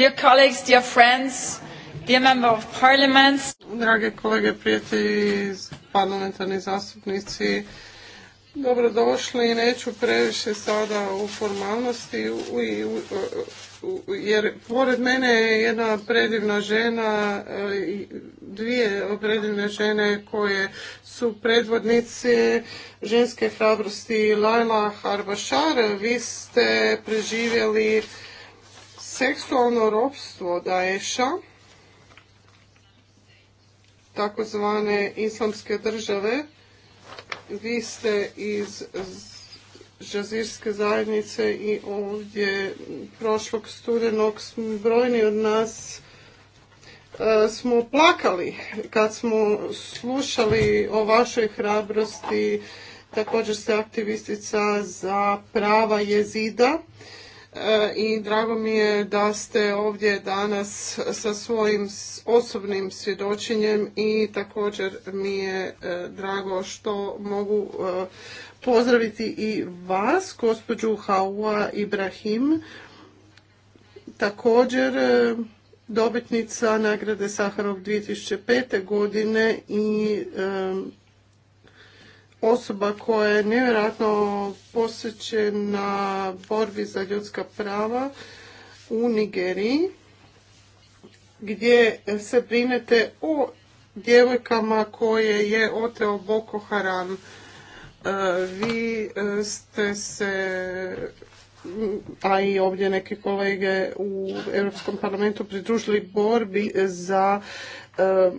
Dear colleagues, dear friends, dear of Drage kolege, prijatelji, parlamentarni zastupnici, dobrodošli. Neću previše sada u formalnosti, jer pored mene je jedna predivna žena, e, dvije predivne žene koje su predvodnici ženske hrabrosti Laila Harbašar. Vi ste preživjeli seksualno ropstvo Daesha, takozvane islamske države, vi ste iz žazirske zajednice i ovdje prošlog studenog brojni od nas e, smo plakali kad smo slušali o vašoj hrabrosti, također ste aktivistica za prava jezida E, i drago mi je da ste ovdje danas sa svojim osobnim svjedočenjem i također mi je e, drago što mogu e, pozdraviti i vas, gospođu Haua Ibrahim, također dobitnica nagrade Saharov 2005. godine i osoba koja je nevjerojatno posvećena borbi za ljudska prava u Nigeriji gdje se brinete o djevojkama koje je oteo Boko Haram. E, vi e, ste se, a i ovdje neke kolege u Europskom parlamentu pridružili borbi za e,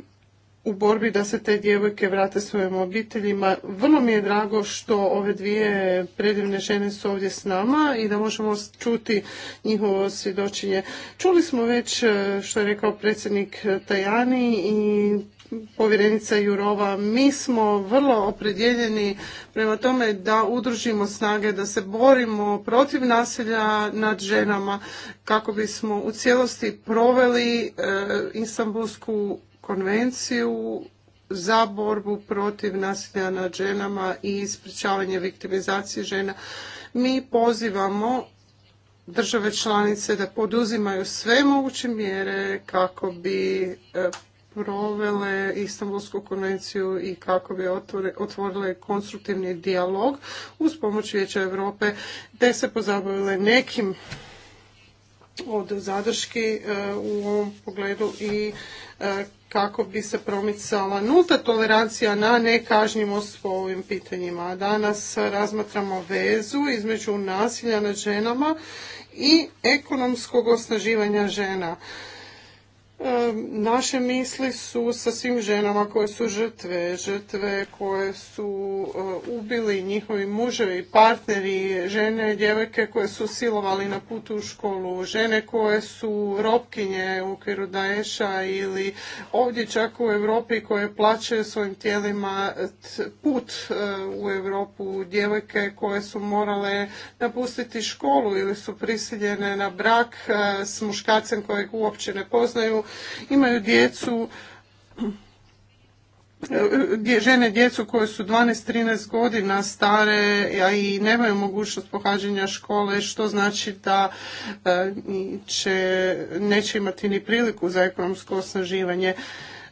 u borbi da se te djevojke vrate svojim obiteljima. Vrlo mi je drago što ove dvije predivne žene su ovdje s nama i da možemo čuti njihovo svjedočenje. Čuli smo već e, što je rekao predsjednik Tajani i povjerenica Jurova. Mi smo vrlo opredjeljeni prema tome da udružimo snage, da se borimo protiv nasilja nad ženama kako bismo u cijelosti proveli e, Istanbulsku konvenciju za borbu protiv nasilja nad ženama i sprječavanje viktimizacije žena. Mi pozivamo države članice da poduzimaju sve moguće mjere kako bi e, provele Istanbulsku konvenciju i kako bi otvorile konstruktivni dijalog uz pomoć Vijeća Europe te se pozabavile nekim od zadrški e, u ovom pogledu i e, kako bi se promicala nulta tolerancija na nekažnjivost po ovim pitanjima. Danas razmatramo vezu između nasilja nad ženama i ekonomskog osnaživanja žena. Naše misli su sa svim ženama koje su žrtve, žrtve koje su e, ubili njihovi muževi, partneri, žene, djevojke koje su silovali na putu u školu, žene koje su ropkinje u okviru Daesha ili ovdje čak u Europi koje plaćaju svojim tijelima put e, u Europu, djevojke koje su morale napustiti školu ili su prisiljene na brak e, s muškacem kojeg uopće ne poznaju imaju djecu žene djecu koje su 12-13 godina stare a i nemaju mogućnost pohađanja škole, što znači da e, će, neće imati ni priliku za ekonomsko osnaživanje.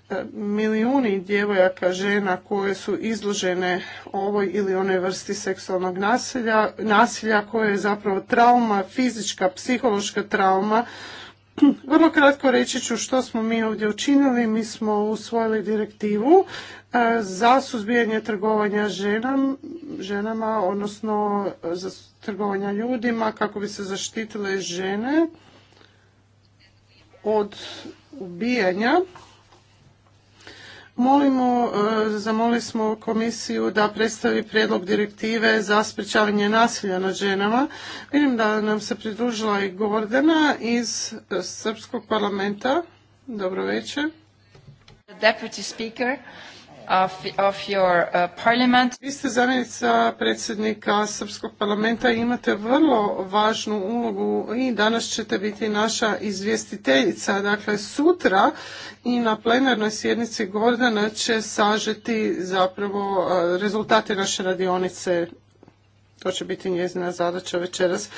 E, milijuni djevojaka, žena koje su izložene ovoj ili onoj vrsti seksualnog nasilja, nasilja koje je zapravo trauma, fizička, psihološka trauma, vrlo kratko reći ću što smo mi ovdje učinili. Mi smo usvojili direktivu e, za suzbijanje trgovanja ženam, ženama, odnosno e, za trgovanja ljudima kako bi se zaštitile žene od ubijanja Molimo, e, zamolili smo komisiju da predstavi prijedlog direktive za sprečavanje nasilja nad ženama. Vidim da nam se pridružila i Gordana iz e, Srpskog parlamenta. Dobro večer. Deputy speaker of, uh, Vi ste zamjenica predsjednika Srpskog parlamenta i imate vrlo važnu ulogu i danas ćete biti naša izvjestiteljica. Dakle, sutra i na plenarnoj sjednici Gordana će sažeti zapravo uh, rezultate naše radionice to će biti njezina zadaća večeras.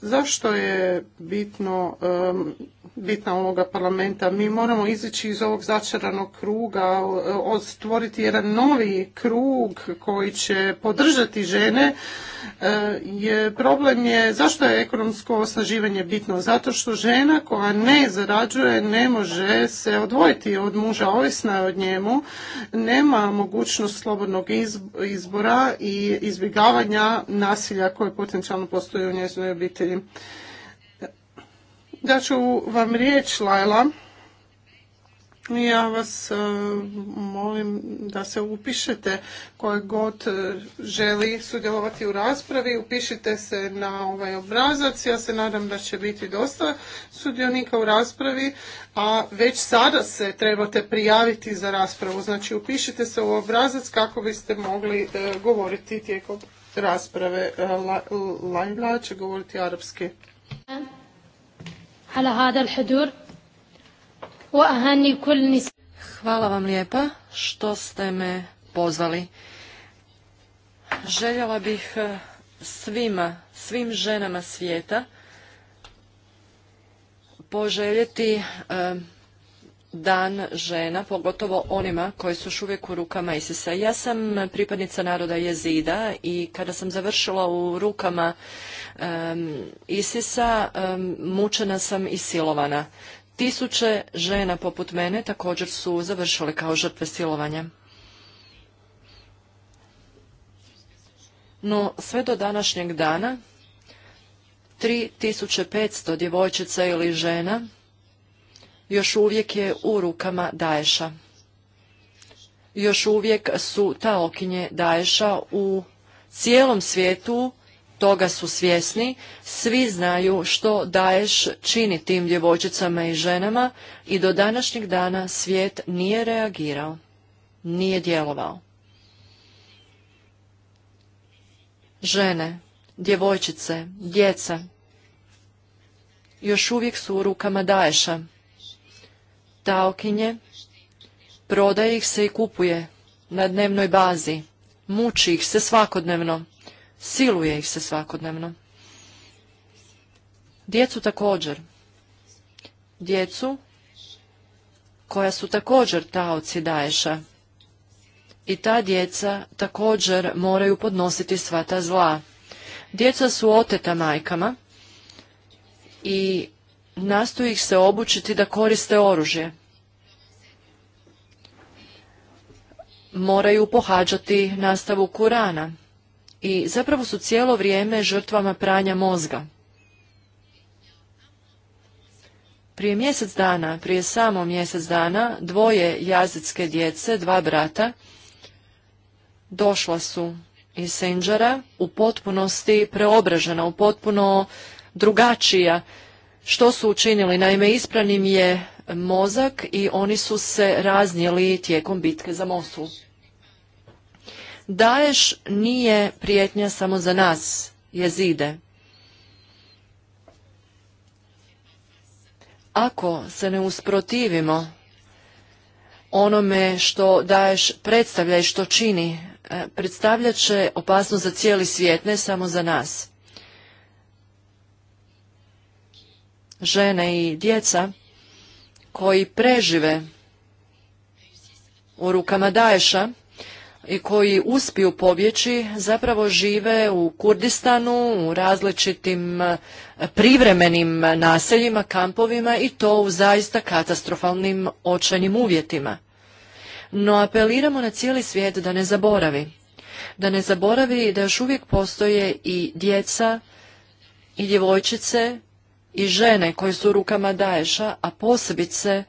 Zašto je bitno um, bitna uloga parlamenta. Mi moramo izići iz ovog začaranog kruga, stvoriti jedan novi krug koji će podržati žene. E, je, problem je zašto je ekonomsko osnaživanje bitno? Zato što žena koja ne zarađuje ne može se odvojiti od muža, ovisna je od njemu, nema mogućnost slobodnog izbora i izbjegavanja nasilja koje potencijalno postoji u njezinoj obitelji. Da ću vam riječ, Lajla. Ja vas e, molim da se upišete koje god e, želi sudjelovati u raspravi, upišite se na ovaj obrazac. Ja se nadam da će biti dosta sudionika u raspravi, a već sada se trebate prijaviti za raspravu. Znači upišite se u obrazac kako biste mogli e, govoriti tijekom rasprave. Lajla će govoriti arapski. على هذا الحضور كل Hvala vam lijepa što ste me pozvali. Željela bih eh, svima, svim ženama svijeta poželjeti eh, dan žena, pogotovo onima koji su još uvijek u rukama Isisa. Ja sam pripadnica naroda jezida i kada sam završila u rukama Isisa mučena sam i silovana. Tisuće žena poput mene također su završile kao žrtve silovanja. No sve do današnjeg dana 3500 djevojčica ili žena još uvijek je u rukama Daješa. Još uvijek su ta okinje Daješa u cijelom svijetu, toga su svjesni, svi znaju što Daješ čini tim djevojčicama i ženama i do današnjeg dana svijet nije reagirao, nije djelovao. Žene, djevojčice, djeca, još uvijek su u rukama Daješa taokinje, prodaje ih se i kupuje na dnevnoj bazi, muči ih se svakodnevno, siluje ih se svakodnevno. Djecu također. Djecu koja su također taoci daješa. I ta djeca također moraju podnositi sva ta zla. Djeca su oteta majkama i nastoji ih se obučiti da koriste oružje. Moraju pohađati nastavu Kurana i zapravo su cijelo vrijeme žrtvama pranja mozga. Prije mjesec dana, prije samo mjesec dana, dvoje jazitske djece, dva brata, došla su iz Senđara u potpunosti preobražena, u potpuno drugačija što su učinili? Naime, ispranim je mozak i oni su se raznijeli tijekom bitke za Mosul. Daješ nije prijetnja samo za nas, jezide. Ako se ne usprotivimo onome što daješ predstavlja i što čini, eh, predstavljat će opasnost za cijeli svijet, ne samo za nas. žene i djeca koji prežive u rukama Daješa i koji uspiju pobjeći zapravo žive u Kurdistanu, u različitim e, privremenim naseljima, kampovima i to u zaista katastrofalnim očajnim uvjetima. No apeliramo na cijeli svijet da ne zaboravi. Da ne zaboravi da još uvijek postoje i djeca i djevojčice i žene koje su u rukama Daješa, a posebice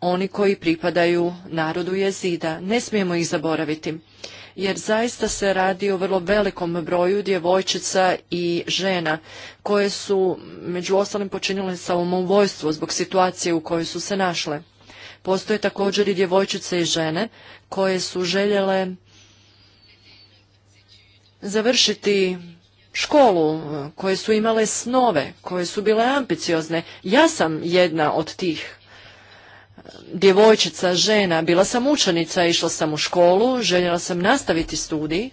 oni koji pripadaju narodu jezida. Ne smijemo ih zaboraviti, jer zaista se radi o vrlo velikom broju djevojčica i žena koje su među ostalim počinile samoubojstvo zbog situacije u kojoj su se našle. Postoje također i djevojčice i žene koje su željele završiti školu, e, koje su imale snove, koje su bile ambiciozne. Ja sam jedna od tih e, djevojčica, žena, bila sam učenica, išla sam u školu, željela sam nastaviti studij,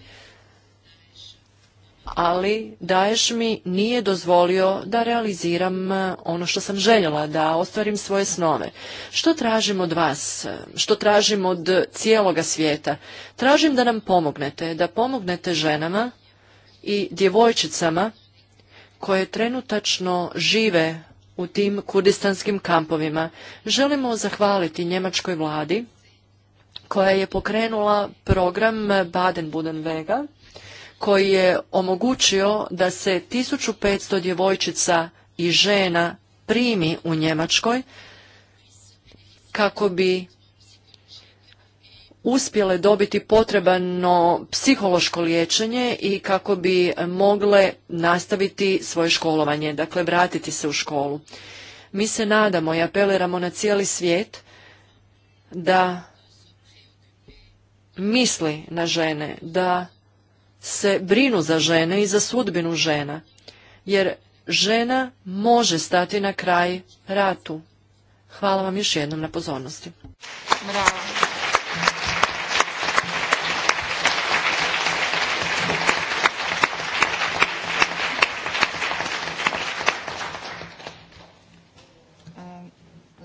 ali Daješ mi nije dozvolio da realiziram e, ono što sam željela, da ostvarim svoje snove. Što tražim od vas? Što tražim od cijeloga svijeta? Tražim da nam pomognete, da pomognete ženama i djevojčicama koje trenutačno žive u tim kurdistanskim kampovima. Želimo zahvaliti njemačkoj vladi koja je pokrenula program Baden-Budenvega koji je omogućio da se 1500 djevojčica i žena primi u Njemačkoj kako bi uspjele dobiti potrebano psihološko liječenje i kako bi mogle nastaviti svoje školovanje, dakle vratiti se u školu. Mi se nadamo i apeliramo na cijeli svijet da misli na žene, da se brinu za žene i za sudbinu žena, jer žena može stati na kraj ratu. Hvala vam još jednom na pozornosti.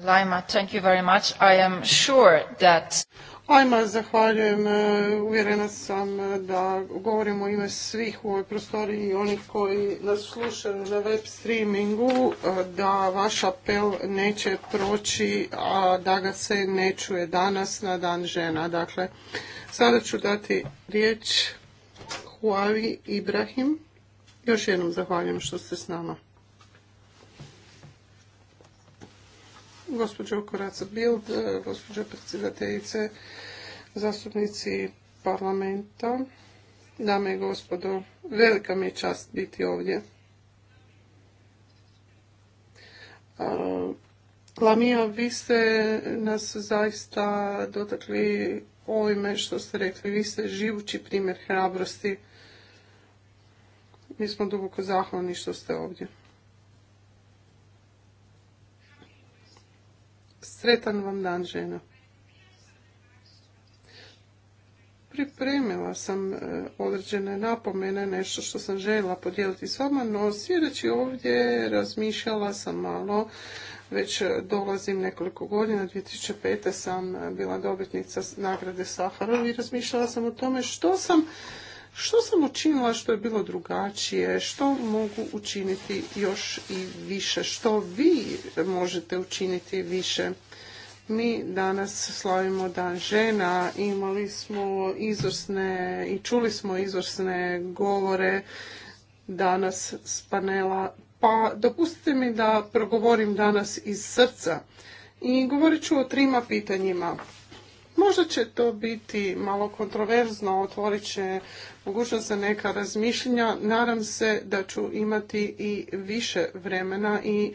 Lajma, thank you very much. I am sure that... zahvaljujem. E, uvjerena sam e, da govorim u ime svih u ovoj prostoriji i onih koji nas slušaju na web streamingu, e, da vaš apel neće proći, a da ga se ne čuje danas na dan žena. Dakle, sada ću dati riječ Huavi Ibrahim. Još jednom zahvaljujem što ste s nama. Gospođo Koraca Bild, e, gospođo predsjedateljice, zastupnici parlamenta, dame i gospodo, velika mi je čast biti ovdje. Lamija, vi ste nas zaista dotakli ovime što ste rekli. Vi ste živući primjer hrabrosti. Mi smo duboko zahvalni što ste ovdje. Sretan vam dan, žena. Pripremila sam e, određene napomene, nešto što sam željela podijeliti s vama, no sjedeći ovdje razmišljala sam malo, već dolazim nekoliko godina, 2005. sam bila dobitnica nagrade Saharov i razmišljala sam o tome što sam što sam učinila što je bilo drugačije, što mogu učiniti još i više, što vi možete učiniti više. Mi danas slavimo dan žena, imali smo izvrsne i čuli smo izvrsne govore danas s panela, pa dopustite mi da progovorim danas iz srca. I govorit ću o trima pitanjima. Možda će to biti malo kontroverzno, otvorit će mogućnost za neka razmišljenja. Nadam se da ću imati i više vremena i e,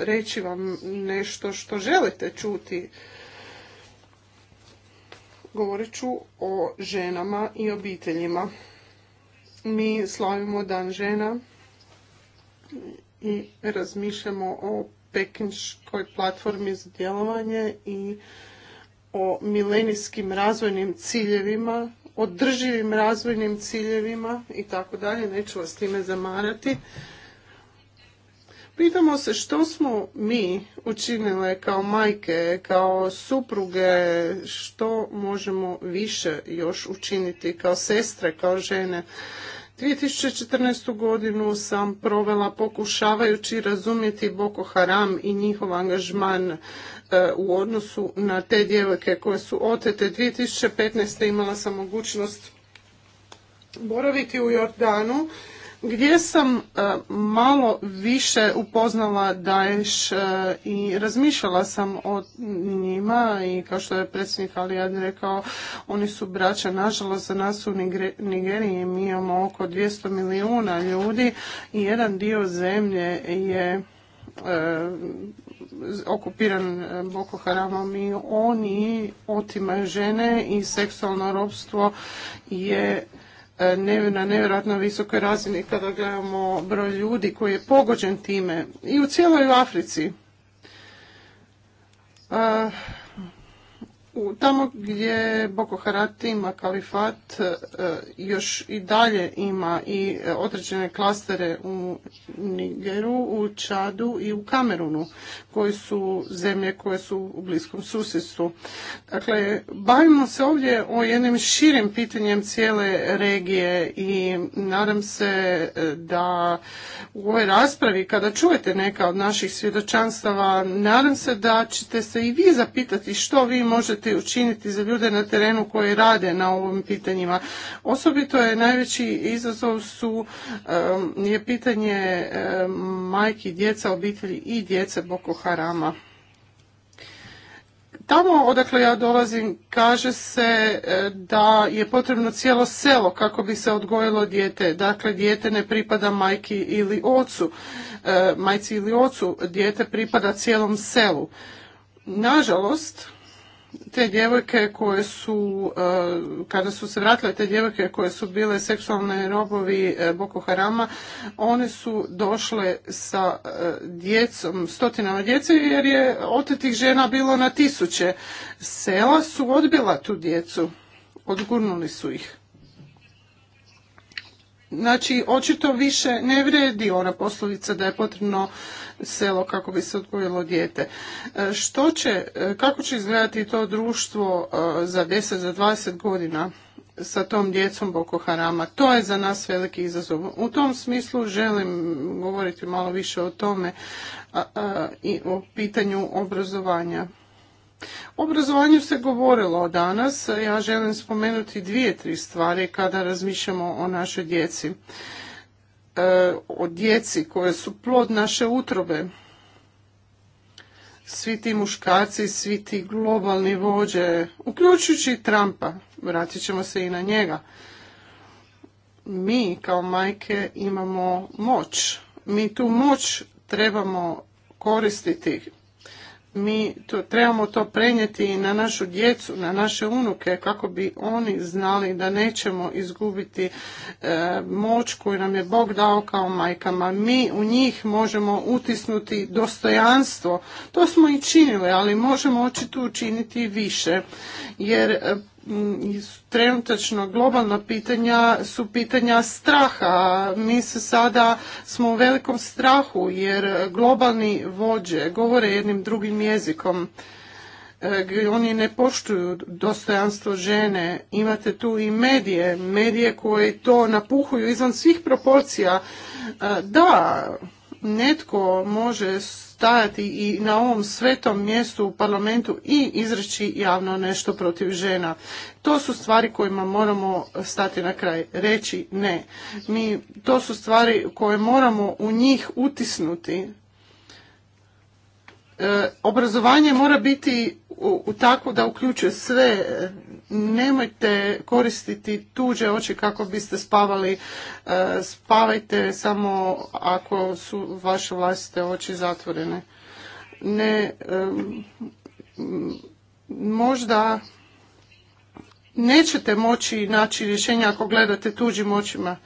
reći vam nešto što želite čuti. Govorit ću o ženama i obiteljima. Mi slavimo Dan žena i razmišljamo o pekinškoj platformi za djelovanje i o milenijskim razvojnim ciljevima, održivim razvojnim ciljevima i tako dalje, neću vas time zamarati. Pitamo se što smo mi učinile kao majke, kao supruge, što možemo više još učiniti kao sestre, kao žene. 2014. godinu sam provela pokušavajući razumjeti Boko Haram i njihov angažman E, u odnosu na te djevojke koje su otete 2015. imala sam mogućnost boraviti u Jordanu gdje sam e, malo više upoznala Daesh e, i razmišljala sam o njima i kao što je predsjednik Alijad rekao, oni su braća, nažalost za nas u Nigeriji mi imamo oko 200 milijuna ljudi i jedan dio zemlje je okupiran e, Boko Haramom i oni otimaju žene i seksualno robstvo je e, na nevjerojatno visokoj razini kada gledamo broj ljudi koji je pogođen time i u cijeloj Africi. U tamo gdje Boko Harat ima kalifat, e, još i dalje ima i određene klastere u Nigeru, u Čadu i u Kamerunu, koji su zemlje koje su u bliskom susjedstvu. Dakle, bavimo se ovdje o jednim širim pitanjem cijele regije i nadam se e, da u ovoj raspravi, kada čujete neka od naših svjedočanstava, nadam se da ćete se i vi zapitati što vi možete možete učiniti za ljude na terenu koji rade na ovim pitanjima. Osobito je najveći izazov su je pitanje majki, djeca, obitelji i djece Boko Harama. Tamo odakle ja dolazim kaže se e, da je potrebno cijelo selo kako bi se odgojilo dijete. Dakle, dijete ne pripada majki ili ocu. E, majci ili ocu dijete pripada cijelom selu. Nažalost, te djevojke koje su, e, kada su se vratile te djevojke koje su bile seksualne robovi e, Boko Harama, one su došle sa e, djecom, stotinama djece jer je otetih žena bilo na tisuće. Sela su odbila tu djecu, odgurnuli su ih. Znači, očito više ne vredi ona poslovica da je potrebno selo kako bi se odgojilo dijete. E, što će, e, kako će izgledati to društvo e, za 10, za 20 godina? sa tom djecom Boko Harama. To je za nas veliki izazov. U tom smislu želim govoriti malo više o tome i o pitanju obrazovanja. O obrazovanju se govorilo danas. Ja želim spomenuti dvije, tri stvari kada razmišljamo o našoj djeci. E, o djeci koje su plod naše utrobe. Svi ti muškarci, svi ti globalni vođe, uključujući Trumpa, vratit ćemo se i na njega. Mi kao majke imamo moć. Mi tu moć trebamo koristiti mi to, trebamo to prenijeti na našu djecu, na naše unuke kako bi oni znali da nećemo izgubiti e, moć koju nam je Bog dao kao majkama. Mi u njih možemo utisnuti dostojanstvo. To smo i činili, ali možemo očito učiniti više. Jer Mm, trenutačno globalna pitanja su pitanja straha. Mi se sada smo u velikom strahu jer globalni vođe govore jednim drugim jezikom. E, oni ne poštuju dostojanstvo žene. Imate tu i medije, medije koje to napuhuju izvan svih proporcija. E, da, netko može stajati i na ovom svetom mjestu u parlamentu i izreći javno nešto protiv žena. To su stvari kojima moramo stati na kraj, reći ne. Mi, to su stvari koje moramo u njih utisnuti E, obrazovanje mora biti u, tako da uključuje sve. Nemojte koristiti tuđe oči kako biste spavali. E, spavajte samo ako su vaše vlastite oči zatvorene. Ne, e, možda nećete moći naći rješenja ako gledate tuđim očima.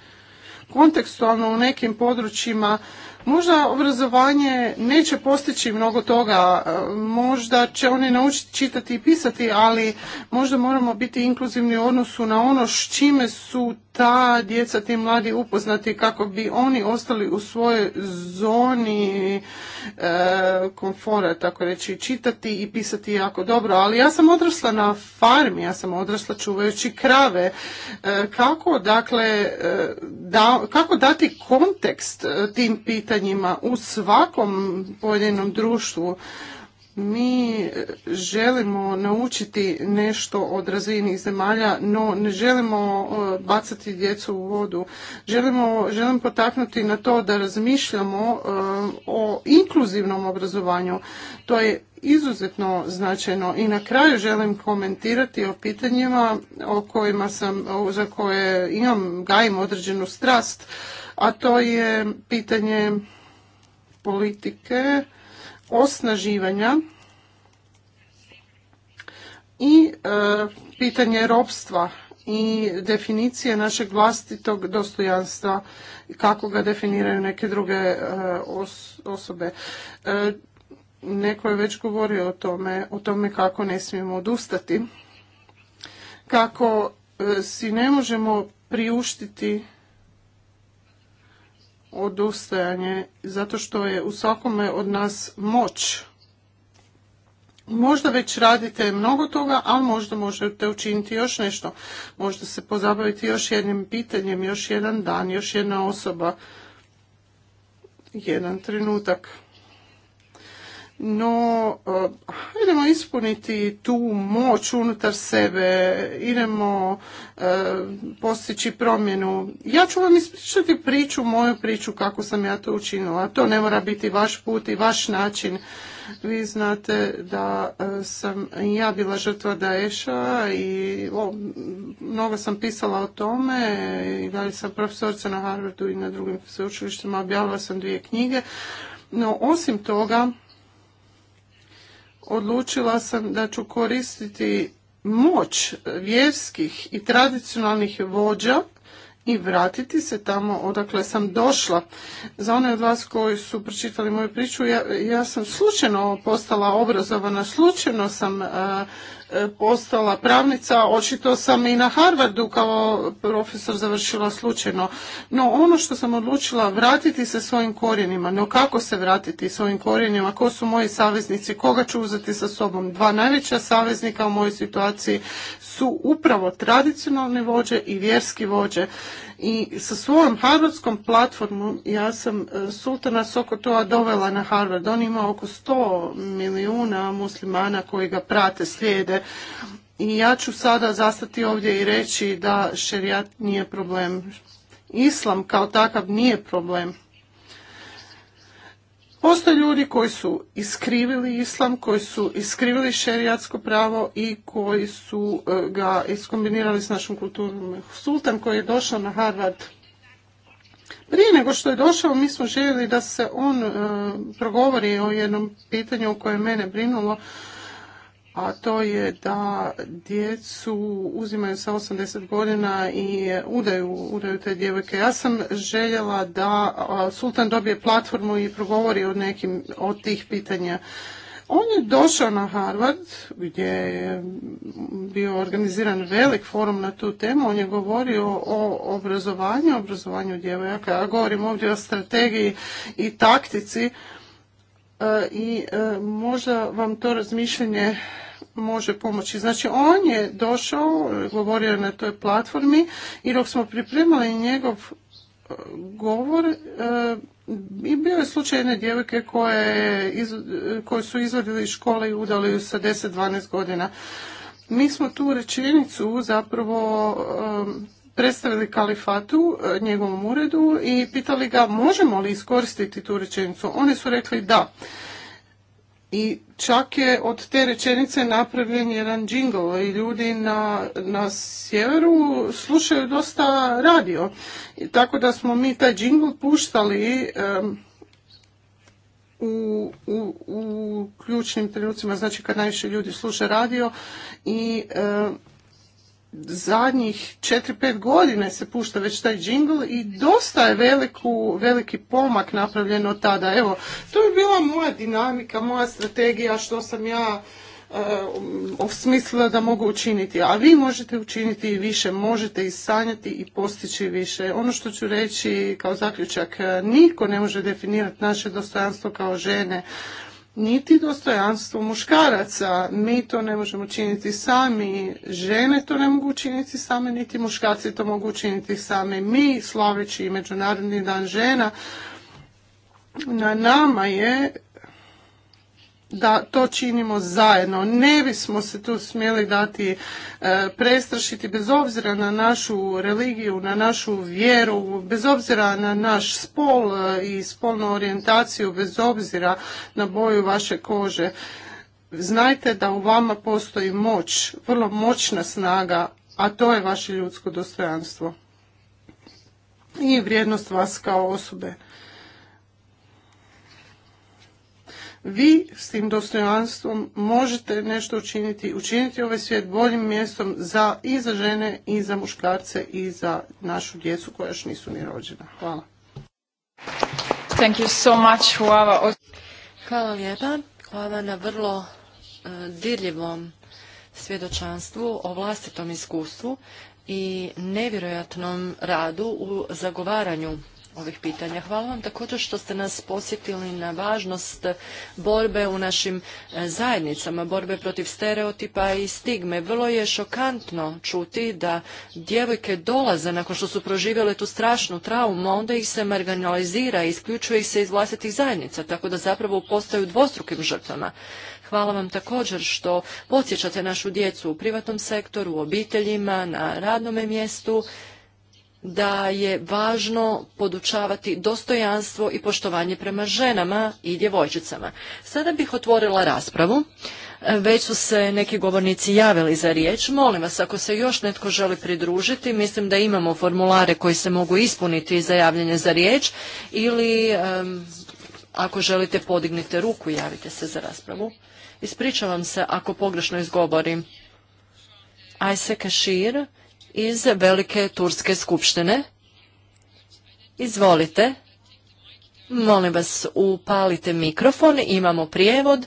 Kontekstualno u nekim područjima Možda obrazovanje neće postići mnogo toga, e, možda će oni naučiti čitati i pisati, ali možda moramo biti inkluzivni u odnosu na ono s čime su ta djeca, ti mladi upoznati kako bi oni ostali u svojoj zoni e, komfora, tako reći, čitati i pisati jako dobro. Ali ja sam odrasla na farmi, ja sam odrasla čuvajući krave. E, kako, dakle, e, kako dati kontekst e, tim pitanjima u svakom pojedinom društvu? mi e, želimo naučiti nešto od razvijenih zemalja, no ne želimo e, bacati djecu u vodu. Želimo, želim potaknuti na to da razmišljamo e, o inkluzivnom obrazovanju. To je izuzetno značajno i na kraju želim komentirati o pitanjima o kojima sam, za koje imam, gajim određenu strast, a to je pitanje politike osnaživanja i e, pitanje ropstva i definicije našeg vlastitog dostojanstva kako ga definiraju neke druge e, osobe. E, neko je već govorio o tome, o tome kako ne smijemo odustati, kako si ne možemo priuštiti odustajanje zato što je u svakome od nas moć. Možda već radite mnogo toga, ali možda možete učiniti još nešto. Možda se pozabaviti još jednim pitanjem, još jedan dan, još jedna osoba, jedan trenutak no idemo e, ispuniti tu moć unutar sebe, idemo e, postići promjenu. Ja ću vam ispričati priču, moju priču kako sam ja to učinila. To ne mora biti vaš put i vaš način. Vi znate da e, sam ja bila žrtva Daesha i o, mnogo sam pisala o tome i li sam profesorica na Harvardu i na drugim sveučilištima, objavila sam dvije knjige. No, osim toga, odlučila sam da ću koristiti moć vjerskih i tradicionalnih vođa i vratiti se tamo odakle sam došla. Za one od vas koji su pročitali moju priču, ja, sam slučajno postala obrazovana, slučajno sam E, postala pravnica, očito sam i na Harvardu kao profesor završila slučajno. No ono što sam odlučila vratiti se svojim korijenima, no kako se vratiti svojim korijenima, ko su moji saveznici, koga ću uzeti sa sobom. Dva najveća saveznika u mojoj situaciji su upravo tradicionalni vođe i vjerski vođe i sa svojom harvardskom platformom ja sam e, Sultana toa dovela na Harvard. On ima oko 100 milijuna muslimana koji ga prate, slijede. I ja ću sada zastati ovdje i reći da šerijat nije problem. Islam kao takav nije problem. Postoje ljudi koji su iskrivili islam, koji su iskrivili šerijatsko pravo i koji su e, ga iskombinirali s našom kulturom. Sultan koji je došao na Harvard prije nego što je došao, mi smo željeli da se on e, progovori o jednom pitanju koje je mene brinulo, a to je da djecu uzimaju sa 80 godina i udaju, udaju te djevojke. Ja sam željela da Sultan dobije platformu i progovori o nekim od tih pitanja. On je došao na Harvard gdje je bio organiziran velik forum na tu temu. On je govorio o obrazovanju, obrazovanju djevojaka. Ja govorim ovdje o strategiji i taktici e, i e, možda vam to razmišljanje može pomoći. Znači on je došao, govorio na toj platformi i dok smo pripremali njegov e, govor e, i bio je slučaj jedne djevojke koje, koje su izvadili iz škole i udali ju sa 10-12 godina. Mi smo tu rečenicu zapravo e, predstavili kalifatu, njegovom uredu i pitali ga možemo li iskoristiti tu rečenicu. Oni su rekli da. I čak je od te rečenice napravljen jedan džingl i ljudi na, na sjeveru slušaju dosta radio. I tako da smo mi taj džingl puštali u, u, u ključnim trenucima, znači kad najviše ljudi sluša radio i zadnjih 4-5 godine se pušta već taj džingl i dosta je veliku, veliki pomak napravljeno tada. Evo, to je bila moja dinamika, moja strategija, što sam ja eh, osmislila da mogu učiniti. A vi možete učiniti i više, možete i sanjati i postići više. Ono što ću reći kao zaključak, niko ne može definirati naše dostojanstvo kao žene, niti dostojanstvo muškaraca. Mi to ne možemo činiti sami, žene to ne mogu činiti same, niti muškarci to mogu činiti sami. Mi, slaveći Međunarodni dan žena, na nama je da to činimo zajedno. Ne bismo se tu smjeli dati e, prestrašiti bez obzira na našu religiju, na našu vjeru, bez obzira na naš spol e, i spolnu orijentaciju, bez obzira na boju vaše kože. Znajte da u vama postoji moć, vrlo moćna snaga, a to je vaše ljudsko dostojanstvo i vrijednost vas kao osobe. vi s tim dostojanstvom možete nešto učiniti, učiniti ovaj svijet boljim mjestom za, i za žene i za muškarce i za našu djecu koja još nisu ni rođena. Hvala. Thank you so much, Hvala lijepa. Hvala na vrlo e, dirljivom svjedočanstvu o vlastitom iskustvu i nevjerojatnom radu u zagovaranju ovih pitanja. Hvala vam također što ste nas posjetili na važnost borbe u našim e, zajednicama, borbe protiv stereotipa i stigme. Vrlo je šokantno čuti da djevojke dolaze nakon što su proživjele tu strašnu traumu, onda ih se marginalizira i isključuje ih se iz vlastitih zajednica, tako da zapravo postaju dvostrukim žrtvama. Hvala vam također što podsjećate našu djecu u privatnom sektoru, u obiteljima, na radnome mjestu da je važno podučavati dostojanstvo i poštovanje prema ženama i djevojčicama. Sada bih otvorila raspravu. Već su se neki govornici javili za riječ. Molim vas, ako se još netko želi pridružiti, mislim da imamo formulare koji se mogu ispuniti za javljanje za riječ ili ako želite podignite ruku, javite se za raspravu. Ispričavam se ako pogrešno izgovorim. Ajse Kašir iz Velike Turske skupštine. Izvolite. Molim vas, upalite mikrofon, imamo prijevod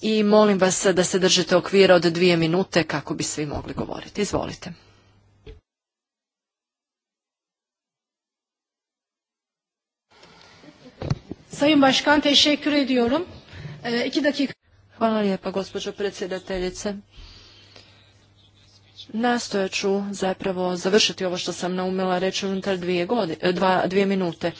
i molim vas da se držite okvira od dvije minute kako bi svi mogli govoriti. Izvolite. Sayın Başkan teşekkür ediyorum. Hvala lijepa, gospođo predsjedateljice. Nastojat ću zapravo završiti ovo što sam naumila reći unutar dvije, e, dva, minute.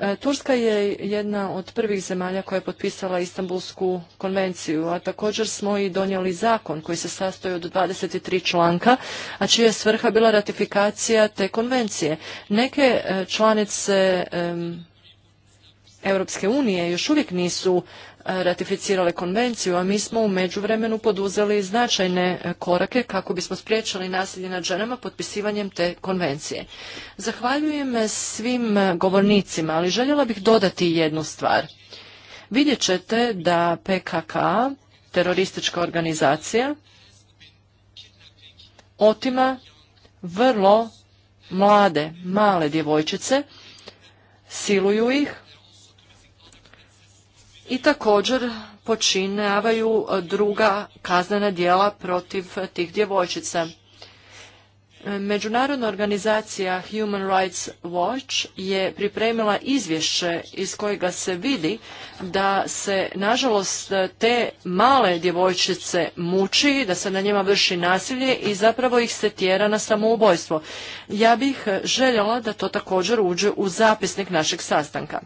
E, Turska je jedna od prvih zemalja koja je potpisala Istanbulsku konvenciju, a također smo i donijeli zakon koji se sastoji od 23 članka, a čija je svrha bila ratifikacija te konvencije. Neke e, članice Europske unije još uvijek nisu ratificirale konvenciju, a mi smo u međuvremenu poduzeli značajne e, korake kako bismo spriječili nasilje nad ženama potpisivanjem te konvencije. Zahvaljujem e, svim e, govornicima, ali željela bih dodati jednu stvar. Vidjet ćete da PKK, teroristička organizacija, otima vrlo mlade, male djevojčice, siluju ih, i također počinjavaju druga kaznena djela protiv tih djevojčica. Međunarodna organizacija Human Rights Watch je pripremila izvješće iz kojega se vidi da se nažalost te male djevojčice muči, da se na njima vrši nasilje i zapravo ih se tjera na samoubojstvo. Ja bih željela da to također uđe u zapisnik našeg sastanka.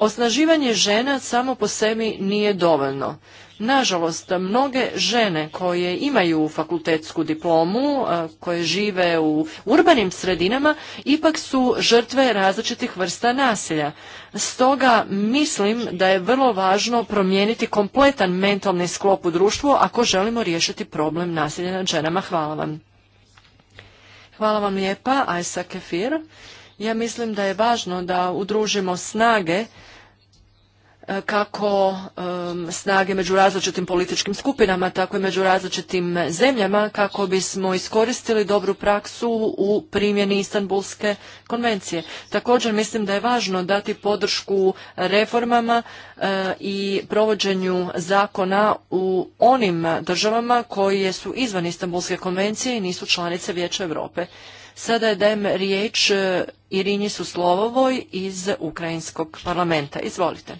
Osnaživanje žena samo po sebi nije dovoljno. Nažalost, mnoge žene koje imaju fakultetsku diplomu, koje žive u urbanim sredinama, ipak su žrtve različitih vrsta nasilja. Stoga mislim da je vrlo važno promijeniti kompletan mentalni sklop u društvu ako želimo riješiti problem nasilja nad ženama. Hvala vam. Hvala vam lijepa, Aysa Kefir. Ja mislim da je važno da udružimo snage kako snage među različitim političkim skupinama, tako i među različitim zemljama, kako bismo iskoristili dobru praksu u primjeni Istanbulske konvencije. Također mislim da je važno dati podršku reformama e, i provođenju zakona u onim državama koje su izvan Istanbulske konvencije i nisu članice Vijeća Europe. Sada je dajem riječ e, Irini Suslovovoj iz Ukrajinskog parlamenta. Izvolite.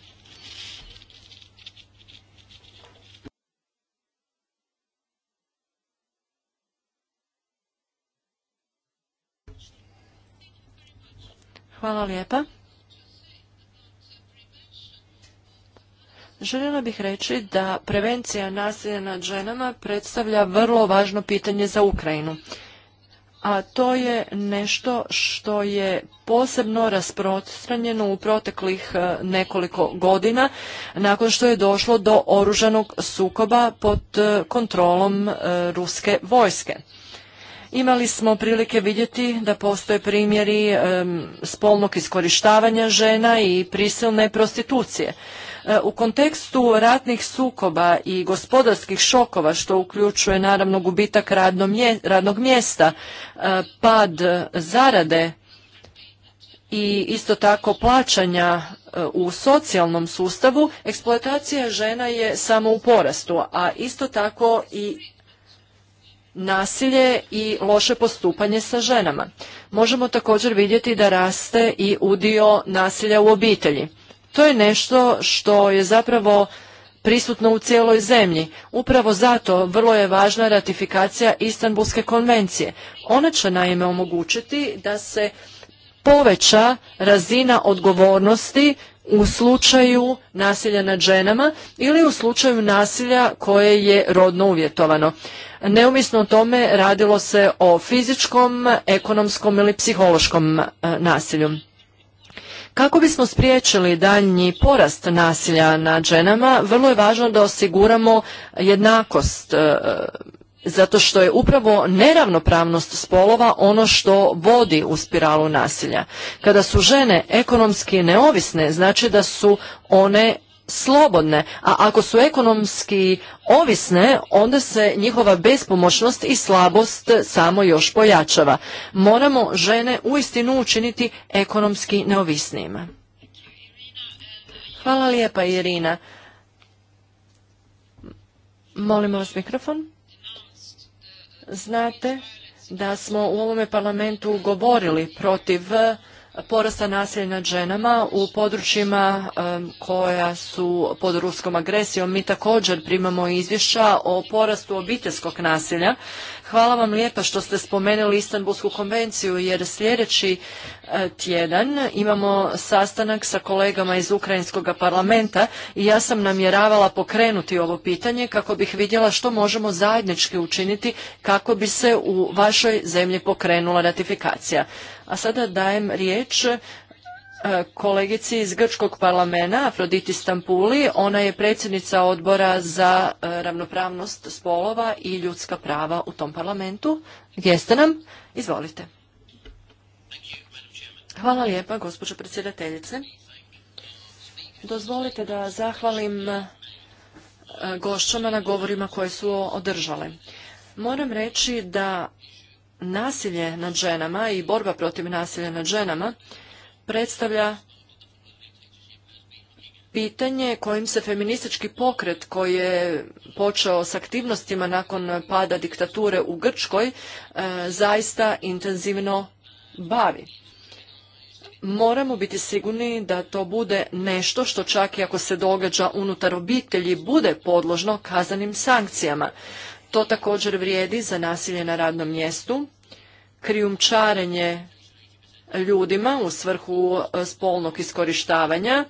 Hvala lijepa. Željela bih reći da prevencija nasilja nad ženama predstavlja vrlo važno pitanje za Ukrajinu. A to je nešto što je posebno rasprostranjeno u proteklih e, nekoliko godina nakon što je došlo do oružanog sukoba pod e, kontrolom e, ruske vojske. Imali smo prilike vidjeti da postoje primjeri spolnog iskorištavanja žena i prisilne prostitucije. E, u kontekstu ratnih sukoba i gospodarskih šokova, što uključuje naravno gubitak radnog mjesta, e, pad zarade i isto tako plaćanja e, u socijalnom sustavu, eksploatacija žena je samo u porastu, a isto tako i nasilje i loše postupanje sa ženama. Možemo također vidjeti da raste i udio nasilja u obitelji. To je nešto što je zapravo prisutno u cijeloj zemlji. Upravo zato vrlo je važna ratifikacija Istanbulske konvencije. Ona će naime omogućiti da se poveća razina odgovornosti u slučaju nasilja nad ženama ili u slučaju nasilja koje je rodno uvjetovano. Neumisno o tome radilo se o fizičkom, ekonomskom ili psihološkom e, nasilju. Kako bismo spriječili daljnji porast nasilja nad ženama, vrlo je važno da osiguramo jednakost e, zato što je upravo neravnopravnost spolova ono što vodi u spiralu nasilja. Kada su žene ekonomski neovisne, znači da su one slobodne, a ako su ekonomski ovisne, onda se njihova bespomoćnost i slabost samo još pojačava. Moramo žene uistinu učiniti ekonomski neovisnijima. Hvala lijepa Irina. Molimo vas mikrofon. Znate da smo u ovome parlamentu govorili protiv porasta nasilja nad ženama u područjima koja su pod ruskom agresijom. Mi također primamo izvješća o porastu obiteljskog nasilja. Hvala vam lijepa što ste spomenuli Istanbulsku konvenciju jer sljedeći e, tjedan imamo sastanak sa kolegama iz Ukrajinskog parlamenta i ja sam namjeravala pokrenuti ovo pitanje kako bih vidjela što možemo zajednički učiniti kako bi se u vašoj zemlji pokrenula ratifikacija. A sada dajem riječ e, kolegici iz Grčkog parlamenta, Afroditi Stampuli. Ona je predsjednica odbora za e, ravnopravnost spolova i ljudska prava u tom parlamentu. Gdje ste nam? Izvolite. Hvala lijepa, gospođo predsjedateljice. Dozvolite da zahvalim e, gošćama na govorima koje su održale. Moram reći da nasilje nad ženama i borba protiv nasilja nad ženama predstavlja pitanje kojim se feministički pokret koji je počeo s aktivnostima nakon pada diktature u Grčkoj e, zaista intenzivno bavi. Moramo biti sigurni da to bude nešto što čak i ako se događa unutar obitelji bude podložno kazanim sankcijama. To također vrijedi za nasilje na radnom mjestu, krijumčarenje ljudima u svrhu e, spolnog iskorištavanja,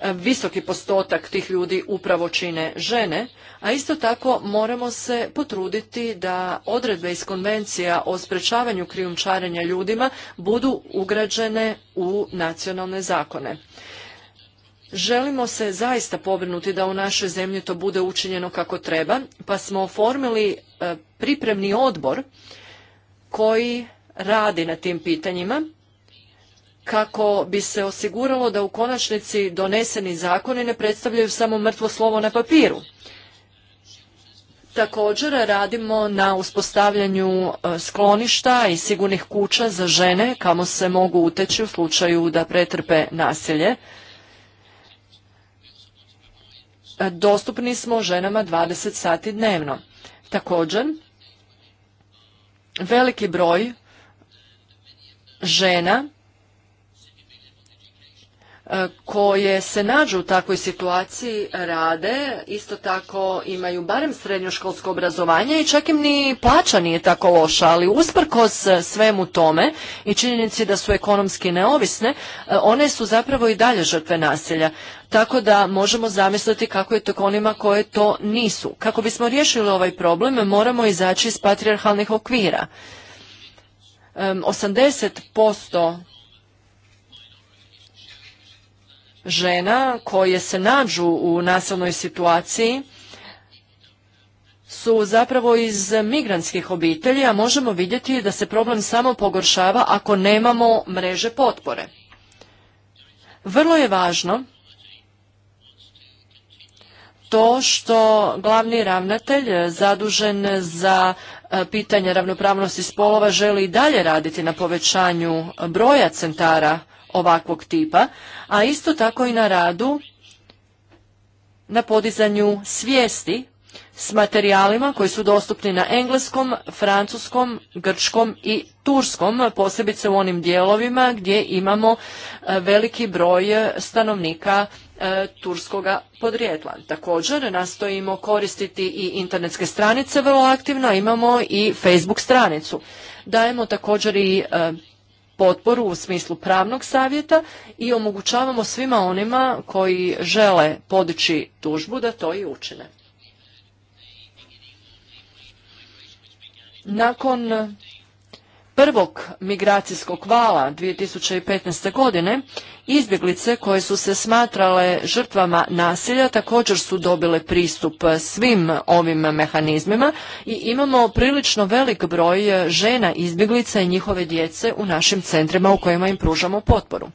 e, visoki postotak tih ljudi upravo čine žene, a isto tako moramo se potruditi da odredbe iz konvencija o sprečavanju krijumčarenja ljudima budu ugrađene u nacionalne zakone. Želimo se zaista pobrinuti da u našoj zemlji to bude učinjeno kako treba, pa smo oformili e, pripremni odbor koji radi na tim pitanjima kako bi se osiguralo da u konačnici doneseni zakoni ne predstavljaju samo mrtvo slovo na papiru. Također radimo na uspostavljanju e, skloništa i sigurnih kuća za žene kamo se mogu uteći u slučaju da pretrpe nasilje dostupni smo ženama 20 sati dnevno. Također, veliki broj žena koje se nađu u takvoj situaciji rade, isto tako imaju barem srednjoškolsko obrazovanje i čak im ni plaća nije tako loša, ali usprkos svemu tome i činjenici da su ekonomski neovisne, one su zapravo i dalje žrtve nasilja. Tako da možemo zamisliti kako je to onima koje to nisu. Kako bismo riješili ovaj problem, moramo izaći iz patrijarhalnih okvira. 80% žena koje se nađu u nasilnoj situaciji su zapravo iz migrantskih obitelji, a možemo vidjeti da se problem samo pogoršava ako nemamo mreže potpore. Vrlo je važno to što glavni ravnatelj zadužen za e, pitanje ravnopravnosti spolova želi i dalje raditi na povećanju broja centara ovakvog tipa, a isto tako i na radu na podizanju svijesti s materijalima koji su dostupni na engleskom, francuskom, grčkom i turskom, posebice u onim dijelovima gdje imamo e, veliki broj e, stanovnika e, turskoga podrijetla. Također nastojimo koristiti i internetske stranice vrlo aktivno, imamo i Facebook stranicu. Dajemo također i potporu u smislu pravnog savjeta i omogućavamo svima onima koji žele podići tužbu da to i učine. Nakon prvog migracijskog vala 2015. godine izbjeglice koje su se smatrale žrtvama nasilja također su dobile pristup svim ovim mehanizmima i imamo prilično velik broj žena izbjeglica i njihove djece u našim centrima u kojima im pružamo potporu.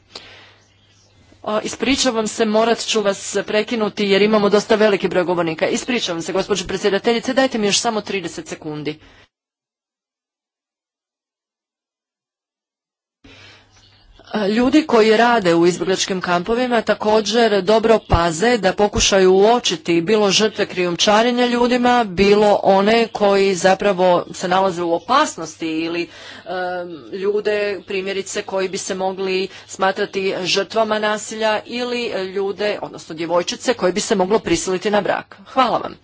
Ispričavam se, morat ću vas prekinuti jer imamo dosta veliki broj govornika. Ispričavam se, gospođo predsjedateljice, dajte mi još samo 30 sekundi. E, ljudi koji rade u izbjegličkim kampovima također dobro paze da pokušaju uočiti bilo žrtve krijumčarenja ljudima, bilo one koji zapravo se nalaze u opasnosti ili ljude primjerice koji bi se mogli smatrati žrtvama nasilja ili ljude, odnosno djevojčice koji bi se moglo prisiliti na brak. Hvala vam.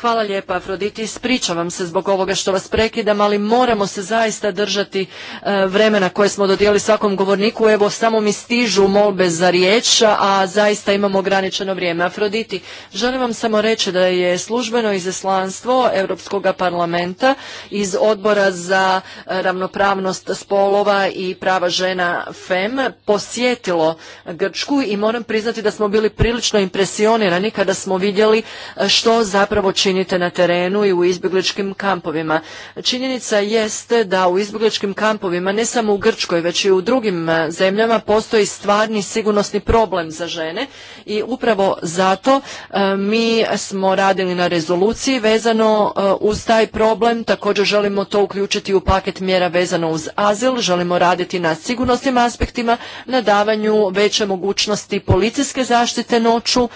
Hvala lijepa Afroditi, ispričavam se zbog ovoga što vas prekidam, ali moramo se zaista držati e, vremena koje smo dodijeli svakom govorniku. Evo, samo mi stižu molbe za riječ, a zaista imamo ograničeno vrijeme. Afroditi, želim vam samo reći da je službeno izaslanstvo Europskog parlamenta iz odbora za e, ravnopravnost spolova i prava žena FEM posjetilo Grčku i moram priznati da smo bili prilično impresionirani kada smo vidjeli e, što zapravo čini činite na terenu i u izbjegličkim kampovima. Činjenica jest da u izbjegličkim kampovima, ne samo u Grčkoj, već i u drugim e, zemljama, postoji stvarni sigurnosni problem za žene i upravo zato e, mi smo radili na rezoluciji vezano e, uz taj problem. Također želimo to uključiti u paket mjera vezano uz azil, želimo raditi na sigurnosnim aspektima, na davanju veće mogućnosti policijske zaštite noću,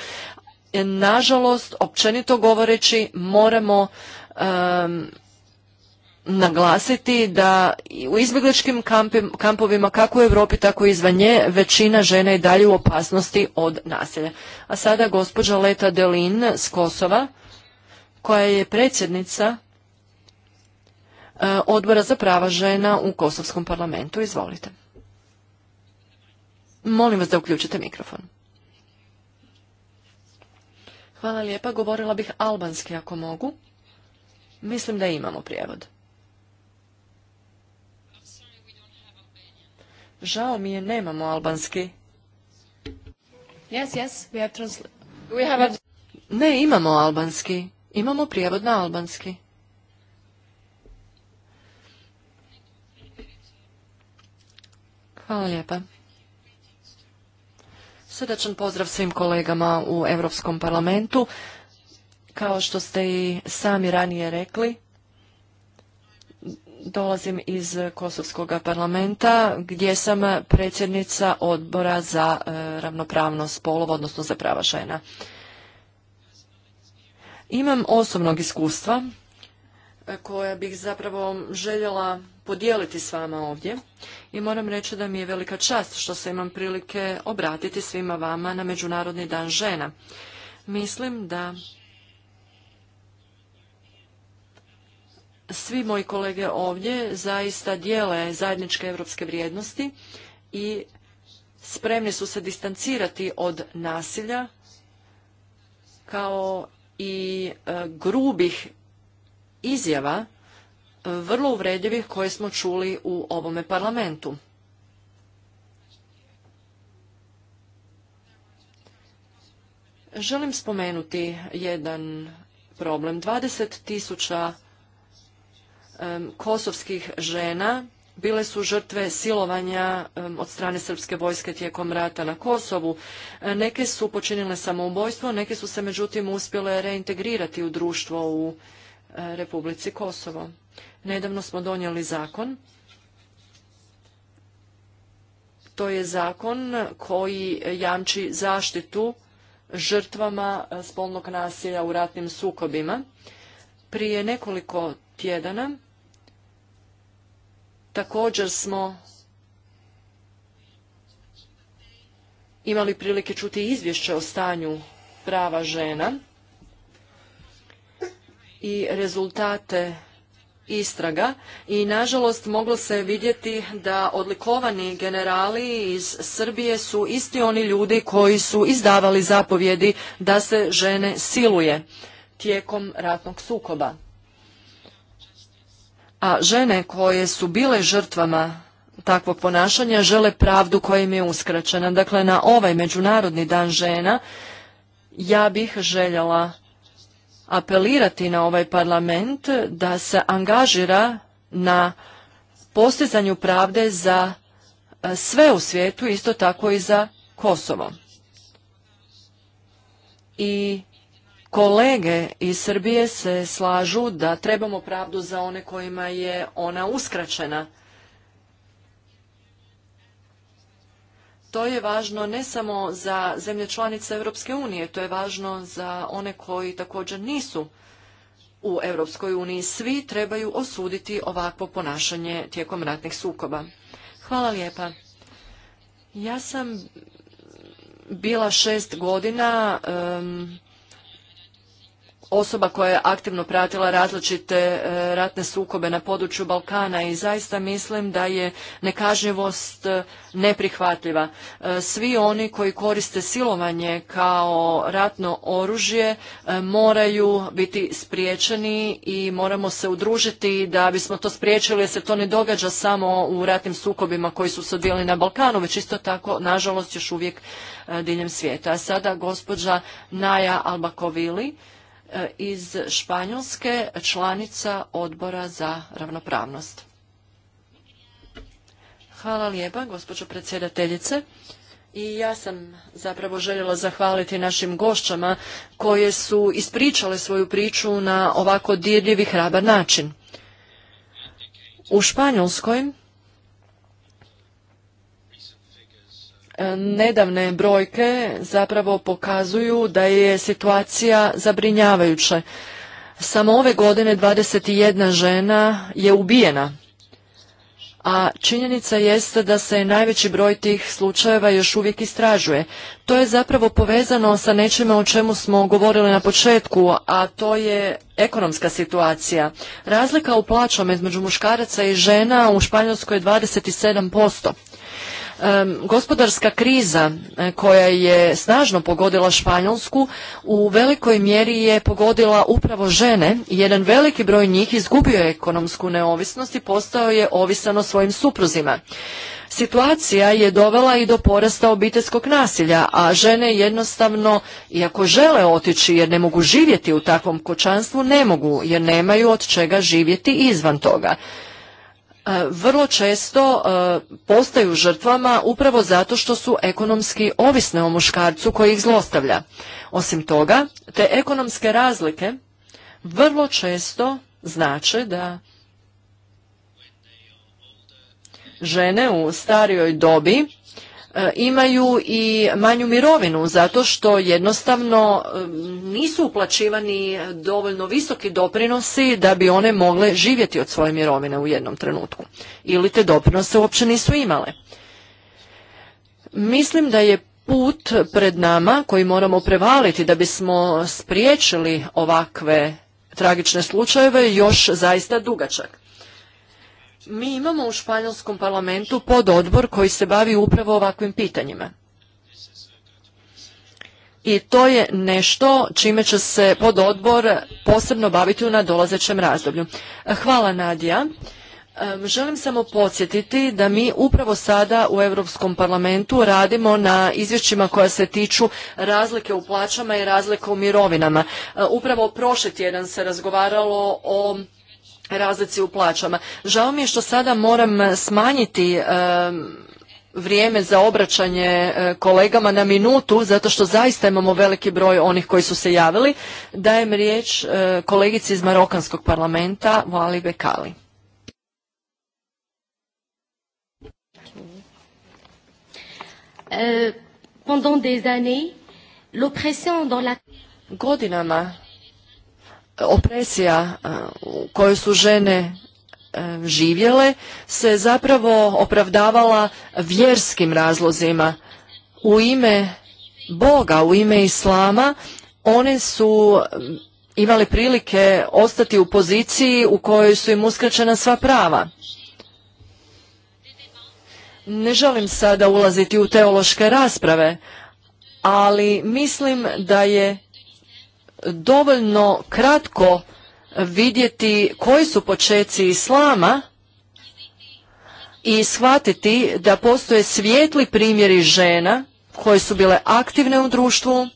E, nažalost, općenito govoreći, moramo naglasiti da u izbjegličkim kampovima kako u Europi tako i izvan nje većina žena je dalje u opasnosti od nasilja. A sada gospođa Leta Delin s Kosova koja je predsjednica e, Odbora za prava žena u Kosovskom parlamentu. Izvolite. Molim vas da uključite mikrofon. Hvala lijepa, govorila bih albanski ako mogu. Mislim da imamo prijevod. Žao mi je, nemamo albanski. Yes, yes, we have we have Ne, imamo albanski. Imamo prijevod na albanski. Hvala lijepa. Srdačan pozdrav svim kolegama u Europskom parlamentu. Kao što ste i sami ranije rekli, dolazim iz Kosovskog parlamenta gdje sam predsjednica odbora za e, ravnopravnost spolova, odnosno za prava žena. Imam osobnog iskustva e, koja bih zapravo željela podijeliti s vama ovdje i moram reći da mi je velika čast što se imam prilike obratiti svima vama na Međunarodni dan žena. Mislim da svi moji kolege ovdje zaista dijele zajedničke europske vrijednosti i spremni su se distancirati od nasilja kao i e, grubih izjava vrlo uvredljivih koje smo čuli u ovome parlamentu. Želim spomenuti jedan problem. 20.000 tisuća kosovskih žena bile su žrtve silovanja od strane srpske vojske tijekom rata na Kosovu. Neke su počinile samoubojstvo, neke su se međutim uspjele reintegrirati u društvo u eh, Republici Kosovo. Nedavno smo donijeli zakon. To je zakon koji jamči zaštitu žrtvama e, spolnog nasilja u ratnim sukobima. Prije nekoliko tjedana također smo imali prilike čuti izvješće o stanju prava žena i rezultate istraga i nažalost moglo se vidjeti da odlikovani generali iz Srbije su isti oni ljudi koji su izdavali zapovjedi da se žene siluje tijekom ratnog sukoba. A žene koje su bile žrtvama takvog ponašanja žele pravdu koja im je uskraćena. Dakle, na ovaj Međunarodni dan žena ja bih željela apelirati na ovaj parlament da se angažira na postizanju pravde za e, sve u svijetu, isto tako i za Kosovo. I kolege iz Srbije se slažu da trebamo pravdu za one kojima je ona uskraćena to je važno ne samo za zemlje članice Europske unije, to je važno za one koji također nisu u Europskoj uniji. Svi trebaju osuditi ovakvo ponašanje tijekom ratnih sukoba. Hvala lijepa. Ja sam bila šest godina osoba koja je aktivno pratila različite e, ratne sukobe na području Balkana i zaista mislim da je nekažnjivost e, neprihvatljiva. E, svi oni koji koriste silovanje kao ratno oružje moraju biti spriječeni i moramo se udružiti da bismo to spriječili jer se to ne događa samo u ratnim sukobima koji su se odvijeli na Balkanu, već isto tako nažalost još uvijek diljem svijeta. A sada gospođa Naja Albakovili E, iz Španjolske, članica odbora za ravnopravnost. Hvala lijepa, gospođo predsjedateljice. I ja sam zapravo željela zahvaliti našim gošćama koje su ispričale svoju priču na ovako dirljiv i hrabar način. U Španjolskoj E, nedavne brojke zapravo pokazuju da je situacija zabrinjavajuća. Samo ove godine 21 žena je ubijena, a činjenica jeste da se najveći broj tih slučajeva još uvijek istražuje. To je zapravo povezano sa nečime o čemu smo govorili na početku, a to je ekonomska situacija. Razlika u plaćama između muškaraca i žena u Španjolskoj je 27%. Gospodarska kriza koja je snažno pogodila Španjolsku u velikoj mjeri je pogodila upravo žene. Jedan veliki broj njih izgubio je ekonomsku neovisnost i postao je ovisan o svojim supruzima. Situacija je dovela i do porasta obiteljskog nasilja, a žene jednostavno, iako žele otići jer ne mogu živjeti u takvom kočanstvu, ne mogu jer nemaju od čega živjeti izvan toga. E, vrlo često e, postaju žrtvama upravo zato što su ekonomski ovisne o muškarcu koji ih zlostavlja. Osim toga, te ekonomske razlike vrlo često znače da žene u starijoj dobi E, imaju i manju mirovinu zato što jednostavno e, nisu uplaćivani dovoljno visoki doprinosi da bi one mogle živjeti od svoje mirovine u jednom trenutku ili te doprinose uopće nisu imale. Mislim da je put pred nama koji moramo prevaliti da bismo spriječili ovakve tragične slučajeve još zaista dugačak. Mi imamo u Španjolskom parlamentu pododbor koji se bavi upravo ovakvim pitanjima. I to je nešto čime će se pododbor posebno baviti u nadolazećem razdoblju. Hvala Nadija. Želim samo podsjetiti da mi upravo sada u Europskom parlamentu radimo na izvješćima koja se tiču razlike u plaćama i razlike u mirovinama. Upravo prošli tjedan se razgovaralo o razlici u plaćama. Žao mi je što sada moram e, smanjiti e, vrijeme za obraćanje e, kolegama na minutu, zato što zaista imamo veliki broj onih koji su se javili. Dajem riječ kolegici iz Marokanskog parlamenta, Wali Bekali. Euh, Godinama opresija e, u kojoj su žene e, živjele se zapravo opravdavala vjerskim razlozima. U ime Boga, u ime Islama, one su e, imale prilike ostati u poziciji u kojoj su im uskraćena sva prava. Ne želim sada ulaziti u teološke rasprave, ali mislim da je dovoljno kratko vidjeti koji su počeci islama i shvatiti da postoje svijetli primjeri žena koje su bile aktivne u društvu,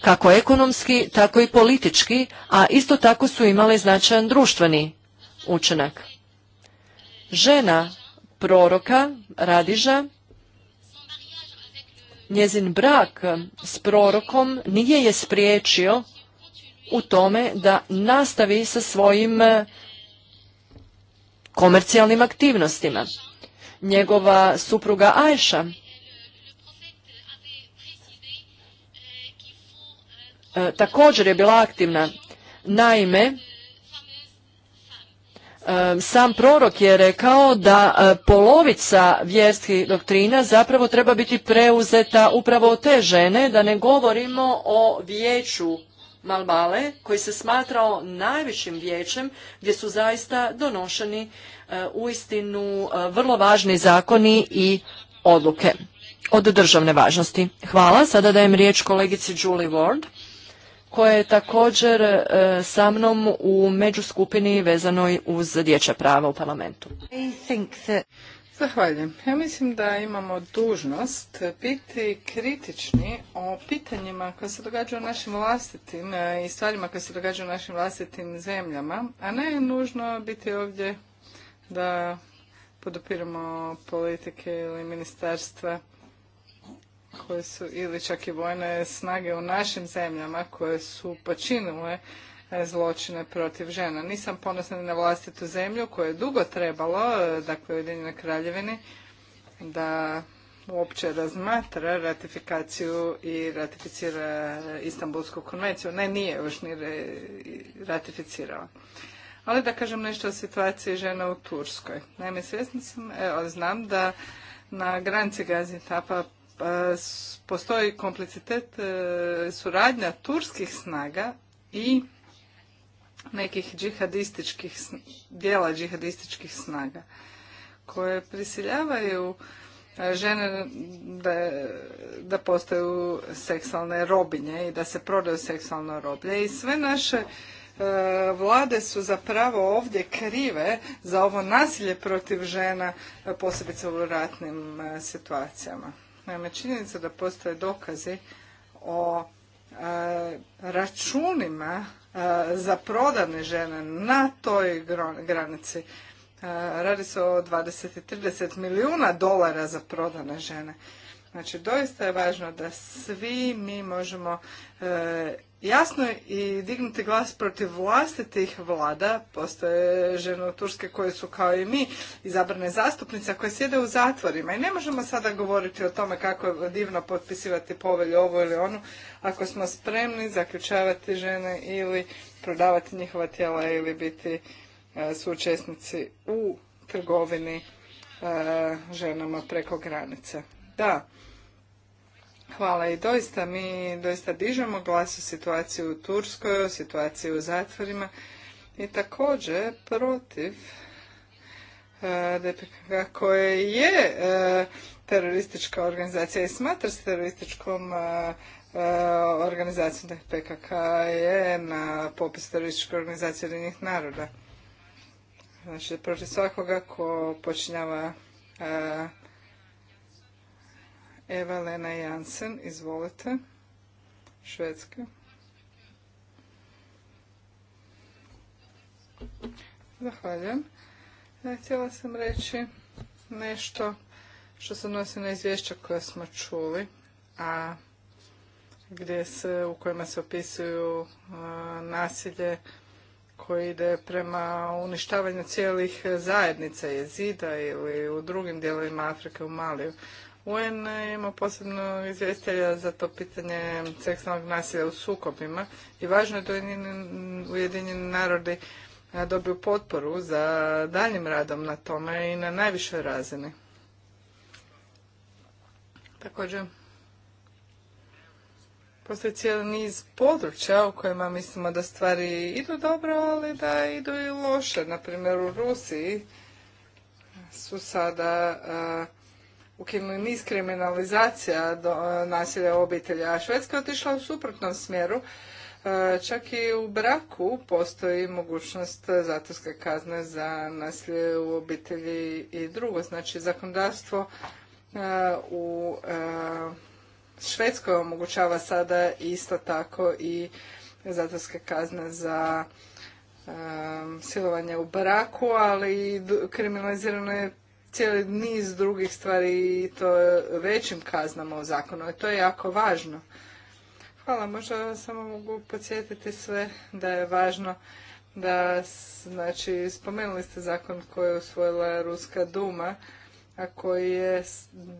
kako ekonomski, tako i politički, a isto tako su imale značajan društveni učinak. Žena proroka, radiža, njezin brak s prorokom nije je spriječio u tome da nastavi sa svojim e, komercijalnim aktivnostima. Njegova supruga Ajša e, također je bila aktivna. Naime, e, sam prorok je rekao da polovica vjerskih doktrina zapravo treba biti preuzeta upravo od te žene, da ne govorimo o vijeću Malbale, koji se smatrao najvećim vijećem gdje su zaista donošeni e, u istinu e, vrlo važni zakoni i odluke od državne važnosti. Hvala. Sada dajem riječ kolegici Julie Ward koja je također e, sa mnom u međuskupini vezanoj uz dječja prava u parlamentu. That... Zahvaljujem. Ja mislim da imamo dužnost biti kritični o pitanjima koja se događaju u našim vlastitim e, i stvarima koje se događaju u našim vlastitim zemljama, a ne je nužno biti ovdje da podupiramo politike ili ministarstva koje su ili čak i vojne snage u našim zemljama koje su počinile zločine protiv žena. Nisam ponosna na vlastitu zemlju koju je dugo trebalo, e, dakle Ujedinjenoj kraljevini, da uopće razmatra ratifikaciju i ratificira e, Istanbulsku konvenciju. Ne, nije još ni ratificirala. Ali da kažem nešto o situaciji žena u Turskoj. Naime, svjesna sam, evo, znam da na granici gazi e, postoji komplicitet suradnja turskih snaga i nekih džihadističkih, dijela džihadističkih snaga koje prisiljavaju e, žene da, da postaju seksualne robinje i da se prodaju seksualno roblje i sve naše e, vlade su zapravo ovdje krive za ovo nasilje protiv žena e, posebice u ratnim situacijama. Naime, činjenica da postoje dokazi o računima za prodane žene na toj granici. E, radi se o 20 i 30 milijuna dolara za prodane žene. Znači, doista je važno da svi mi možemo e, jasno i dignuti glas protiv vlastitih vlada, postoje žene u Turske koje su kao i mi izabrane zastupnice koje sjede u zatvorima i ne možemo sada govoriti o tome kako je divno potpisivati povelju ovo ili onu ako smo spremni zaključavati žene ili prodavati njihova tijela ili biti e, sučesnici u trgovini e, ženama preko granice. Da, Hvala i doista mi doista dižemo glas o situaciji u Turskoj, o situaciji u zatvorima i također protiv e, DPK koje je e, teroristička organizacija i smatra se terorističkom e, organizacijom je na popis terorističke organizacije jedinih naroda. Znači, protiv svakoga ko počinjava Eva Lena Jansen, izvolite. Švedska. Zahvaljujem. E, htjela sam reći nešto što se odnosi na izvješća koja smo čuli, a gdje se, u kojima se opisuju e, nasilje koji ide prema uništavanju cijelih zajednica jezida ili u drugim dijelovima Afrike u Maliju. UN ima posebno izvjestitelja za to pitanje seksualnog nasilja u sukobima i važno je da Ujedinjeni narodi dobiju potporu za daljim radom na tome i na najvišoj razini. Također, postoji cijeli niz područja u kojima mislimo da stvari idu dobro, ali da idu i loše. Naprimjer, u Rusiji su sada niz kriminalizacija e, nasilja u obitelji, a Švedska je otišla u suprotnom smjeru. E, čak i u braku postoji mogućnost zatvorske kazne za nasilje u obitelji i drugo. Znači, zakonodavstvo e, u Švedskoj omogućava sada isto tako i zatvorske kazne za silovanje u braku, ali kriminalizirano je cijeli niz drugih stvari i to većim kaznama u zakonu. I to je jako važno. Hvala, možda samo mogu podsjetiti sve da je važno da, znači, spomenuli ste zakon koji je usvojila Ruska Duma, a koji je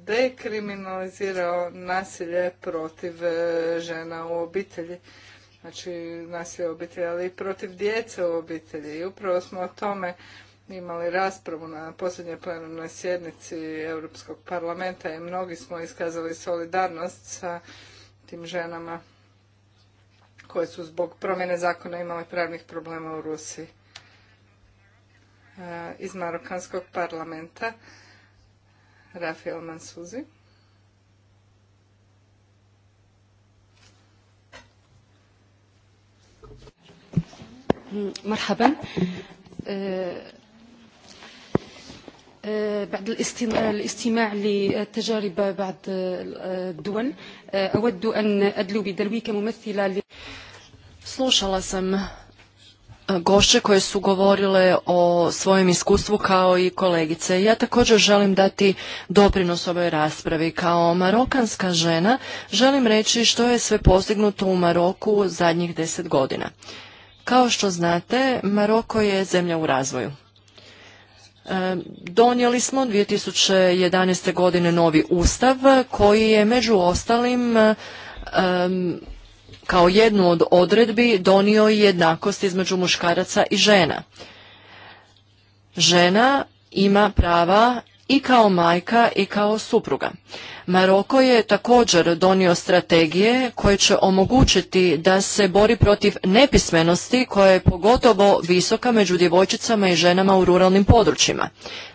dekriminalizirao nasilje protiv e, žena u obitelji. Znači, nasilje u obitelji, ali i protiv djece u obitelji. I upravo smo o tome imali raspravu na posljednjoj plenarnoj sjednici Europskog parlamenta i mnogi smo iskazali solidarnost sa tim ženama koje su zbog promjene zakona imale pravnih problema u Rusiji e, iz Marokanskog parlamenta, Rafael Mansuzi. Mm, بعد الاستماع Slušala sam gošće koje su govorile o svojem iskustvu kao i kolegice. Ja također želim dati doprinos ovoj raspravi. Kao marokanska žena želim reći što je sve postignuto u Maroku zadnjih deset godina. Kao što znate, Maroko je zemlja u razvoju. Donijeli smo 2011. godine novi ustav koji je među ostalim kao jednu od odredbi donio i jednakost između muškaraca i žena. Žena ima prava i kao majka i kao supruga. Maroko je također donio strategije koje će omogućiti da se bori protiv nepismenosti koja je pogotovo visoka među djevojčicama i ženama u ruralnim područjima.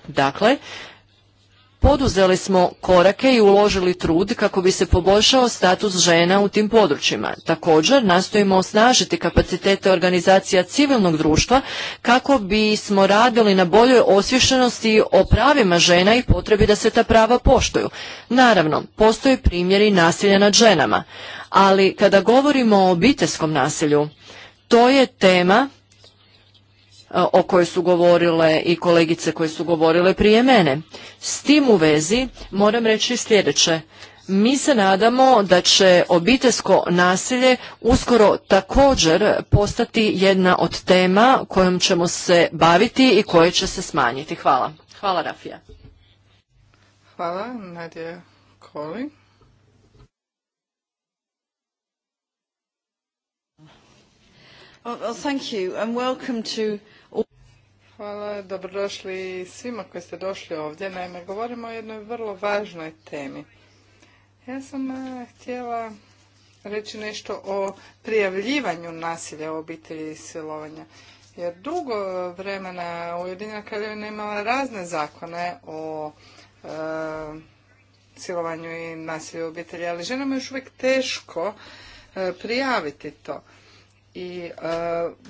Dakle, poduzeli smo korake i uložili trud kako bi se poboljšao status žena u tim područjima. Također nastojimo osnažiti kapacitete organizacija civilnog društva kako bismo radili na boljoj osvješenosti o pravima žena i potrebi da se ta prava poštuju. Naravno, postoje primjeri nasilja nad ženama, ali kada govorimo o obiteljskom nasilju, to je tema E, o kojoj su govorile i kolegice koje su govorile prije mene. S tim u vezi moram reći sljedeće. Mi se nadamo da će obiteljsko nasilje uskoro također postati jedna od tema kojom ćemo se baviti i koje će se smanjiti. Hvala. Hvala Rafija. Hvala Nadje Koli. thank you and welcome to Hvala, dobrodošli svima koji ste došli ovdje. Naime, govorimo o jednoj vrlo važnoj temi. Ja sam e, htjela reći nešto o prijavljivanju nasilja u obitelji i silovanja. Jer dugo vremena Ujedinjena kraljevina imala razne zakone o e, silovanju i nasilju u obitelji, ali ženama je još uvijek teško e, prijaviti to i e,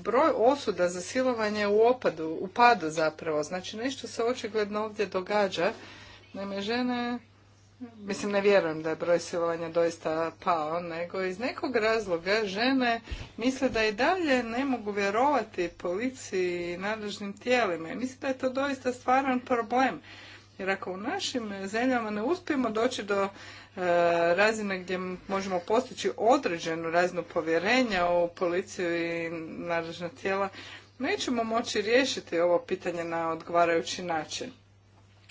broj osuda za silovanje u opadu, u padu zapravo. Znači nešto se očigledno ovdje događa. Naime, žene, mislim ne vjerujem da je broj silovanja doista pao, nego iz nekog razloga žene misle da i dalje ne mogu vjerovati policiji i nadležnim tijelima. I mislim da je to doista stvaran problem. Jer ako u našim zemljama ne uspijemo doći do E, razine gdje možemo postići određenu razinu povjerenja u policiju i nadležna tijela, nećemo moći riješiti ovo pitanje na odgovarajući način.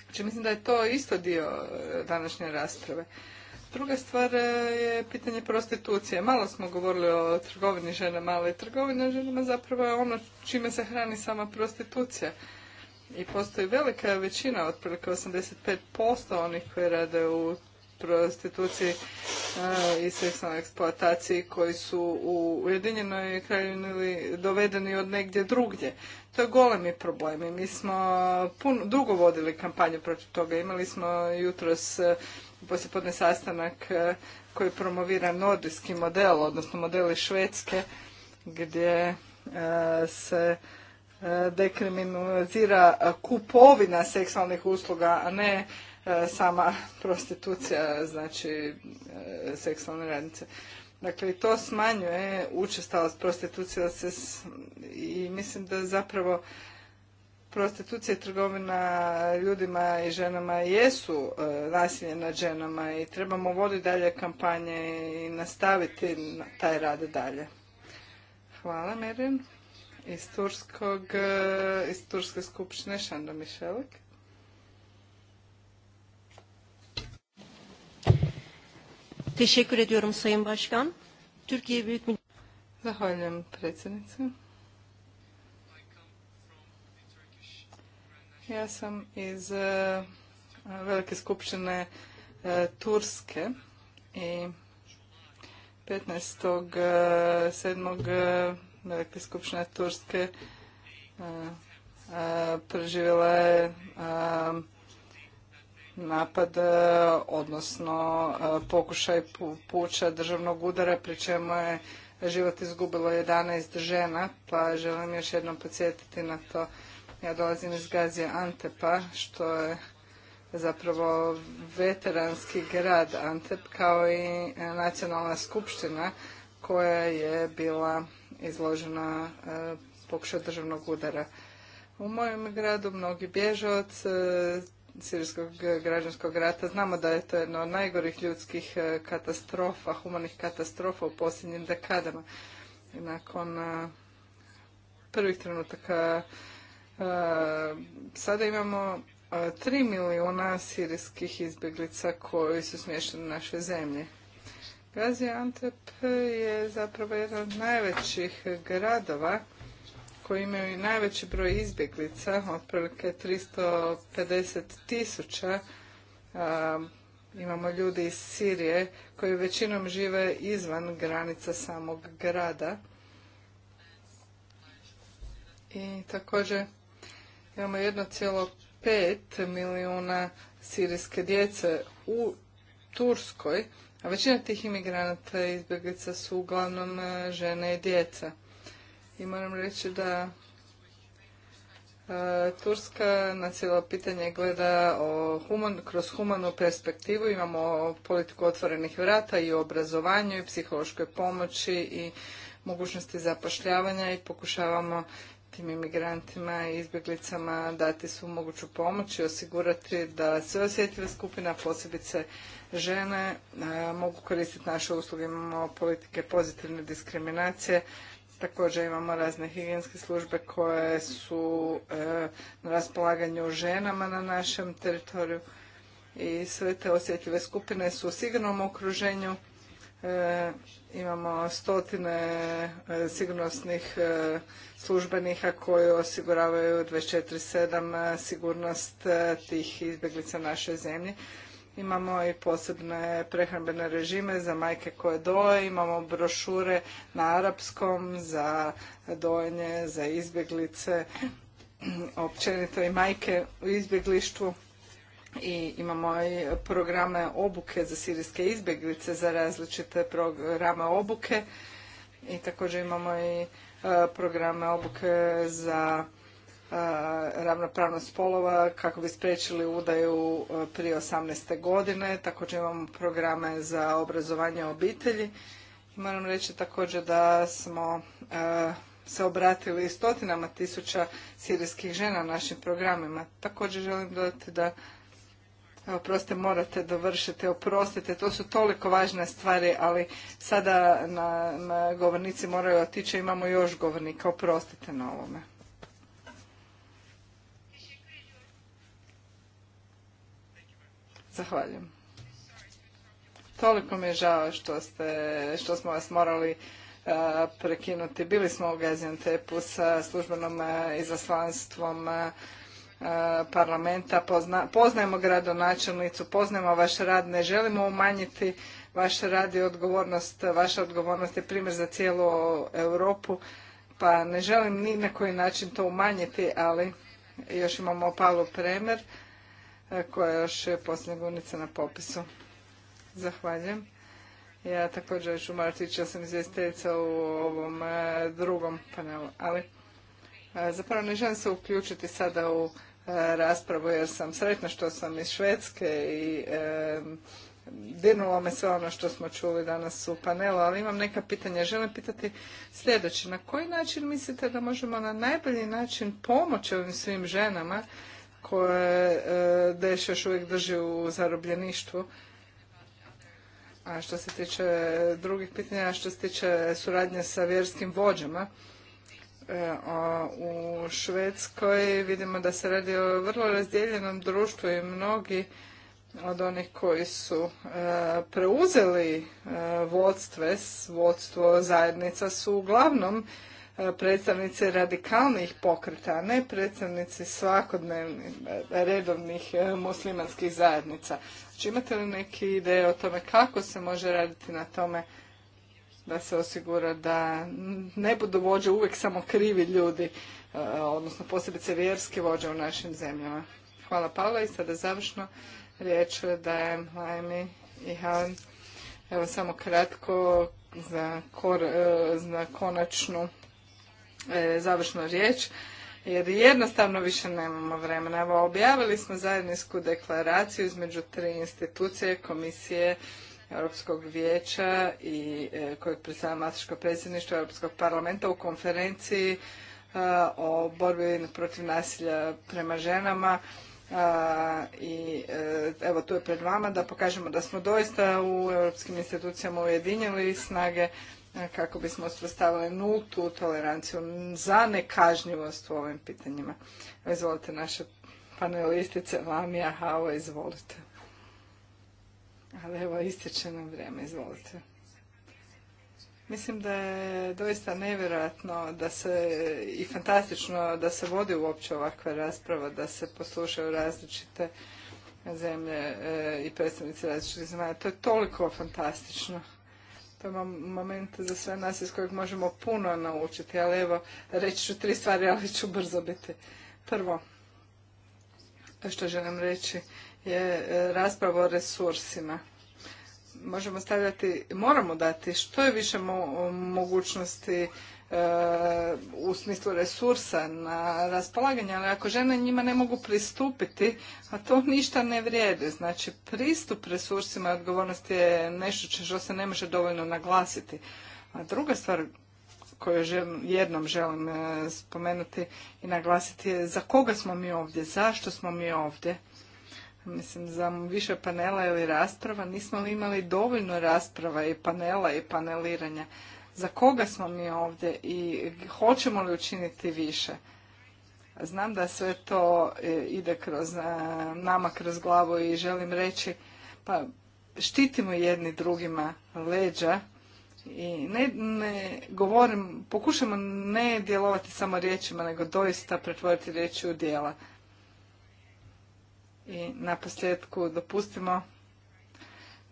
Znači, mislim da je to isto dio e, današnje rasprave. Druga stvar e, je pitanje prostitucije. Malo smo govorili o trgovini ženama, ali trgovina ženama zapravo je ono čime se hrani sama prostitucija. I postoji velika većina, otprilike 85% onih koji rade u prostituciji i seksualnoj eksploataciji koji su u Ujedinjenoj kraju dovedeni od negdje drugdje. To je golemi problem i mi smo puno, dugo vodili kampanju protiv toga. Imali smo jutros poslijepodne sastanak koji promovira nordijski model, odnosno modeli Švedske gdje se dekriminalizira kupovina seksualnih usluga, a ne E, sama prostitucija, znači e, seksualne radnice. Dakle, to smanjuje učestalost prostitucija se i mislim da zapravo prostitucija i trgovina ljudima i ženama jesu e, nasilje nad ženama i trebamo voditi dalje kampanje i nastaviti taj rad dalje. Hvala, Merin. Iz, Turskog, iz Turske skupštine Šanda Mišelek. Teşekkür ediyorum Sayın Başkan. Türkiye Büyük Zahvaljujem predsjednice. Ja sam iz e, e, e, Velike skupštine Turske i 15.7. Velike skupštine Turske preživjela je napad, e, odnosno e, pokušaj puča državnog udara, pri čemu je život izgubilo 11 žena, pa želim još jednom podsjetiti na to. Ja dolazim iz Gazije Antepa, što je zapravo veteranski grad Antep, kao i nacionalna skupština koja je bila izložena e, pokušaj državnog udara. U mojem gradu mnogi bježe sirijskog građanskog rata. Znamo da je to jedna od najgorih ljudskih e, katastrofa, humanih katastrofa u posljednjim dekadama. I nakon e, prvih trenutaka e, sada imamo 3 milijuna sirijskih izbjeglica koji su smješteni u našoj zemlji. Antep je zapravo jedan od najvećih gradova koji imaju i najveći broj izbjeglica, otprilike 350 tisuća, imamo ljudi iz Sirije koji većinom žive izvan granica samog grada. I također imamo 1,5 milijuna sirijske djece u Turskoj, a većina tih imigranata i izbjeglica su uglavnom e, žene i djeca i moram reći da e, Turska na cijelo pitanje gleda kroz humanu perspektivu. Imamo politiku otvorenih vrata i obrazovanju i psihološkoj pomoći i mogućnosti zapošljavanja i pokušavamo tim imigrantima i izbjeglicama dati svu moguću pomoć i osigurati da sve osjetljive skupine, posebice žene, e, mogu koristiti naše usluge. Imamo politike pozitivne diskriminacije Također imamo razne higijenske službe koje su e, na raspolaganju ženama na našem teritoriju i sve te osjetljive skupine su u sigurnom okruženju. E, imamo stotine e, sigurnosnih e, službenika koji osiguravaju 24-7 sigurnost tih izbjeglica naše zemlje. Imamo i posebne prehrambene režime za majke koje doje, imamo brošure na arapskom za dojenje, za izbjeglice, općenito i majke u izbjeglištvu i imamo i programe obuke za sirijske izbjeglice, za različite programe obuke i također imamo i e, programe obuke za E, ravnopravnost spolova kako bi spriječili udaju e, prije 18. godine. Također imamo programe za obrazovanje obitelji. Moram reći također da smo e, se obratili stotinama tisuća sirijskih žena našim programima. Također želim dodati da Oprostite, morate dovršiti, oprostite, to su toliko važne stvari, ali sada na, na govornici moraju otići, imamo još govornika, oprostite na ovome. Zahvaljujem. Toliko mi je žao što, ste, što smo vas morali e, prekinuti. Bili smo u Gaziantepu sa službenom e, izaslanstvom e, parlamenta. Pozna, poznajemo gradonačelnicu, poznajemo vaš rad, ne želimo umanjiti vaš rad i odgovornost. Vaša odgovornost je primjer za cijelu Europu, pa ne želim ni na koji način to umanjiti, ali još imamo Palu Premer E, koja još je posljednja gurnica na popisu. Zahvaljujem. Ja također ću morati ići, ja sam izvjestiteljica u ovom e, drugom panelu, ali e, zapravo ne želim se uključiti sada u raspravu jer sam sretna što sam iz Švedske i dirnulo me sve ono što smo čuli danas u panelu, ali imam neka pitanja. Želim pitati sljedeće. Na koji način mislite da možemo na najbolji način pomoći ovim svim ženama koje e, Deš još uvijek drži u zarobljeništvu. A što se tiče drugih pitanja, što se tiče suradnje sa vjerskim vođama, e, u Švedskoj vidimo da se radi o vrlo razdijeljenom društvu i mnogi od onih koji su e, preuzeli vodstve, vodstvo zajednica su uglavnom predstavnici radikalnih pokreta, ne predstavnici svakodnevnih e, redovnih e, muslimanskih zajednica. Znači imate li neke ideje o tome kako se može raditi na tome da se osigura da ne budu vođe uvijek samo krivi ljudi, e, odnosno posebice vjerske vođe u našim zemljama. Hvala Pavla i sada završno riječ dajem Lajmi i Helen. Evo samo kratko za, za konačnu E, završnu riječ jer jednostavno više nemamo vremena. Evo, objavili smo zajedničku deklaraciju između tri institucije, komisije, Europskog vijeća i e, kojeg predstavlja Matiško predsjedništvo Europskog parlamenta u konferenciji e, o borbi protiv nasilja prema ženama e, i evo tu je pred vama da pokažemo da smo doista u europskim institucijama ujedinili snage kako bismo uspostavili nultu toleranciju za nekažnjivost u ovim pitanjima. Izvolite naše panelistice, Lamija Hao, izvolite. Ali evo, ističe vrijeme, izvolite. Mislim da je doista nevjerojatno da se i fantastično da se vodi uopće ovakva rasprava, da se poslušaju različite zemlje e, i predstavnici različitih zemalja. To je toliko fantastično to moment za sve nas iz kojeg možemo puno naučiti, ali evo, reći ću tri stvari, ali ću brzo biti. Prvo, što želim reći, je e, rasprava o resursima. Možemo stavljati, moramo dati što je više mogućnosti E, u smislu resursa na raspolaganje, ali ako žene njima ne mogu pristupiti, a to ništa ne vrijede. Znači, pristup resursima i odgovornosti je nešto što se ne može dovoljno naglasiti. A druga stvar koju želim, jednom želim e, spomenuti i naglasiti je za koga smo mi ovdje, zašto smo mi ovdje. Mislim, za više panela ili rasprava nismo li imali dovoljno rasprava i panela i paneliranja za koga smo mi ovdje i hoćemo li učiniti više. Znam da sve to e, ide kroz e, nama kroz glavu i želim reći pa štitimo jedni drugima leđa i ne, ne govorim, pokušamo ne djelovati samo riječima, nego doista pretvoriti riječi u djela. I na posljedku dopustimo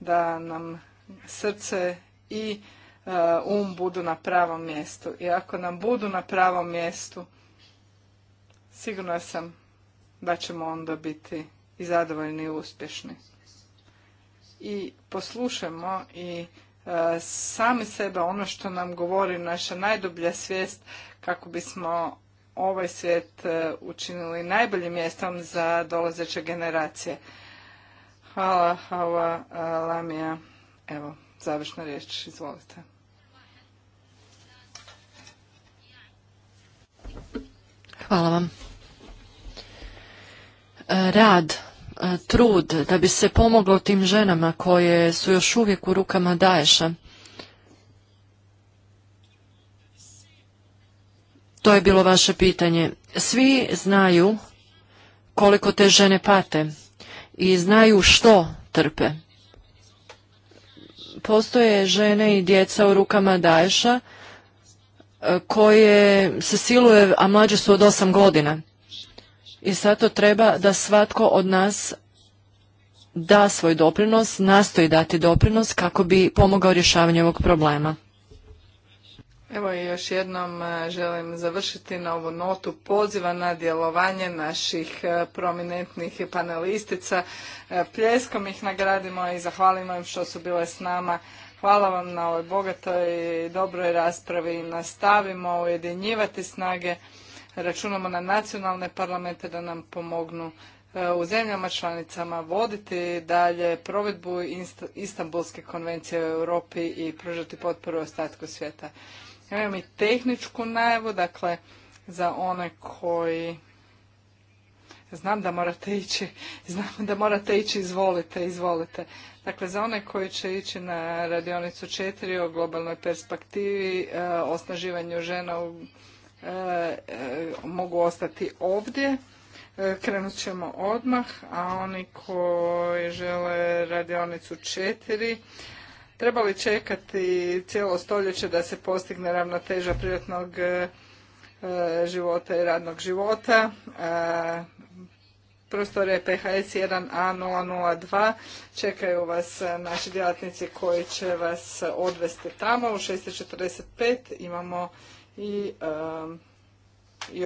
da nam srce i Eh, um budu na pravom mjestu. I ako nam budu na pravom mjestu, sigurno sam da ćemo onda biti i zadovoljni i uspješni. I poslušajmo i eh, sami sebe ono što nam govori naša najdublja svijest kako bismo ovaj svijet eh, učinili najboljim mjestom za dolazeće generacije. Hvala, hvala, Lamija. Evo, završna riječ, izvolite. Hvala vam. E, rad, e, trud da bi se pomoglo tim ženama koje su još uvijek u rukama Daješa. To je bilo vaše pitanje. Svi znaju koliko te žene pate i znaju što trpe. Postoje žene i djeca u rukama Daješa koje se siluje, a mlađe su od osam godina. I zato treba da svatko od nas da svoj doprinos, nastoji dati doprinos kako bi pomogao rješavanju ovog problema. Evo još jednom e, želim završiti na ovu notu poziva na djelovanje naših e, prominentnih panelistica. E, Pljeskom ih nagradimo i zahvalimo im što su bile s nama Hvala vam na ovoj bogatoj i dobroj raspravi. Nastavimo ujedinjivati snage. Računamo na nacionalne parlamente da nam pomognu e, u zemljama članicama voditi dalje provedbu Istanbulske konvencije u Europi i pružati potporu ostatku svijeta. Imam i tehničku najavu, dakle, za one koji znam da morate ići, znam da morate ići, izvolite, izvolite. Dakle, za one koji će ići na radionicu 4 o globalnoj perspektivi, e, osnaživanju žena e, e, mogu ostati ovdje. Krenut ćemo odmah, a oni koji žele radionicu 4, li čekati cijelo stoljeće da se postigne ravnoteža privatnog života i radnog života prostorije PHS 1A002 čekaju vas eh, naši djelatnici koji će vas odvesti tamo. U 6.45 imamo i eh,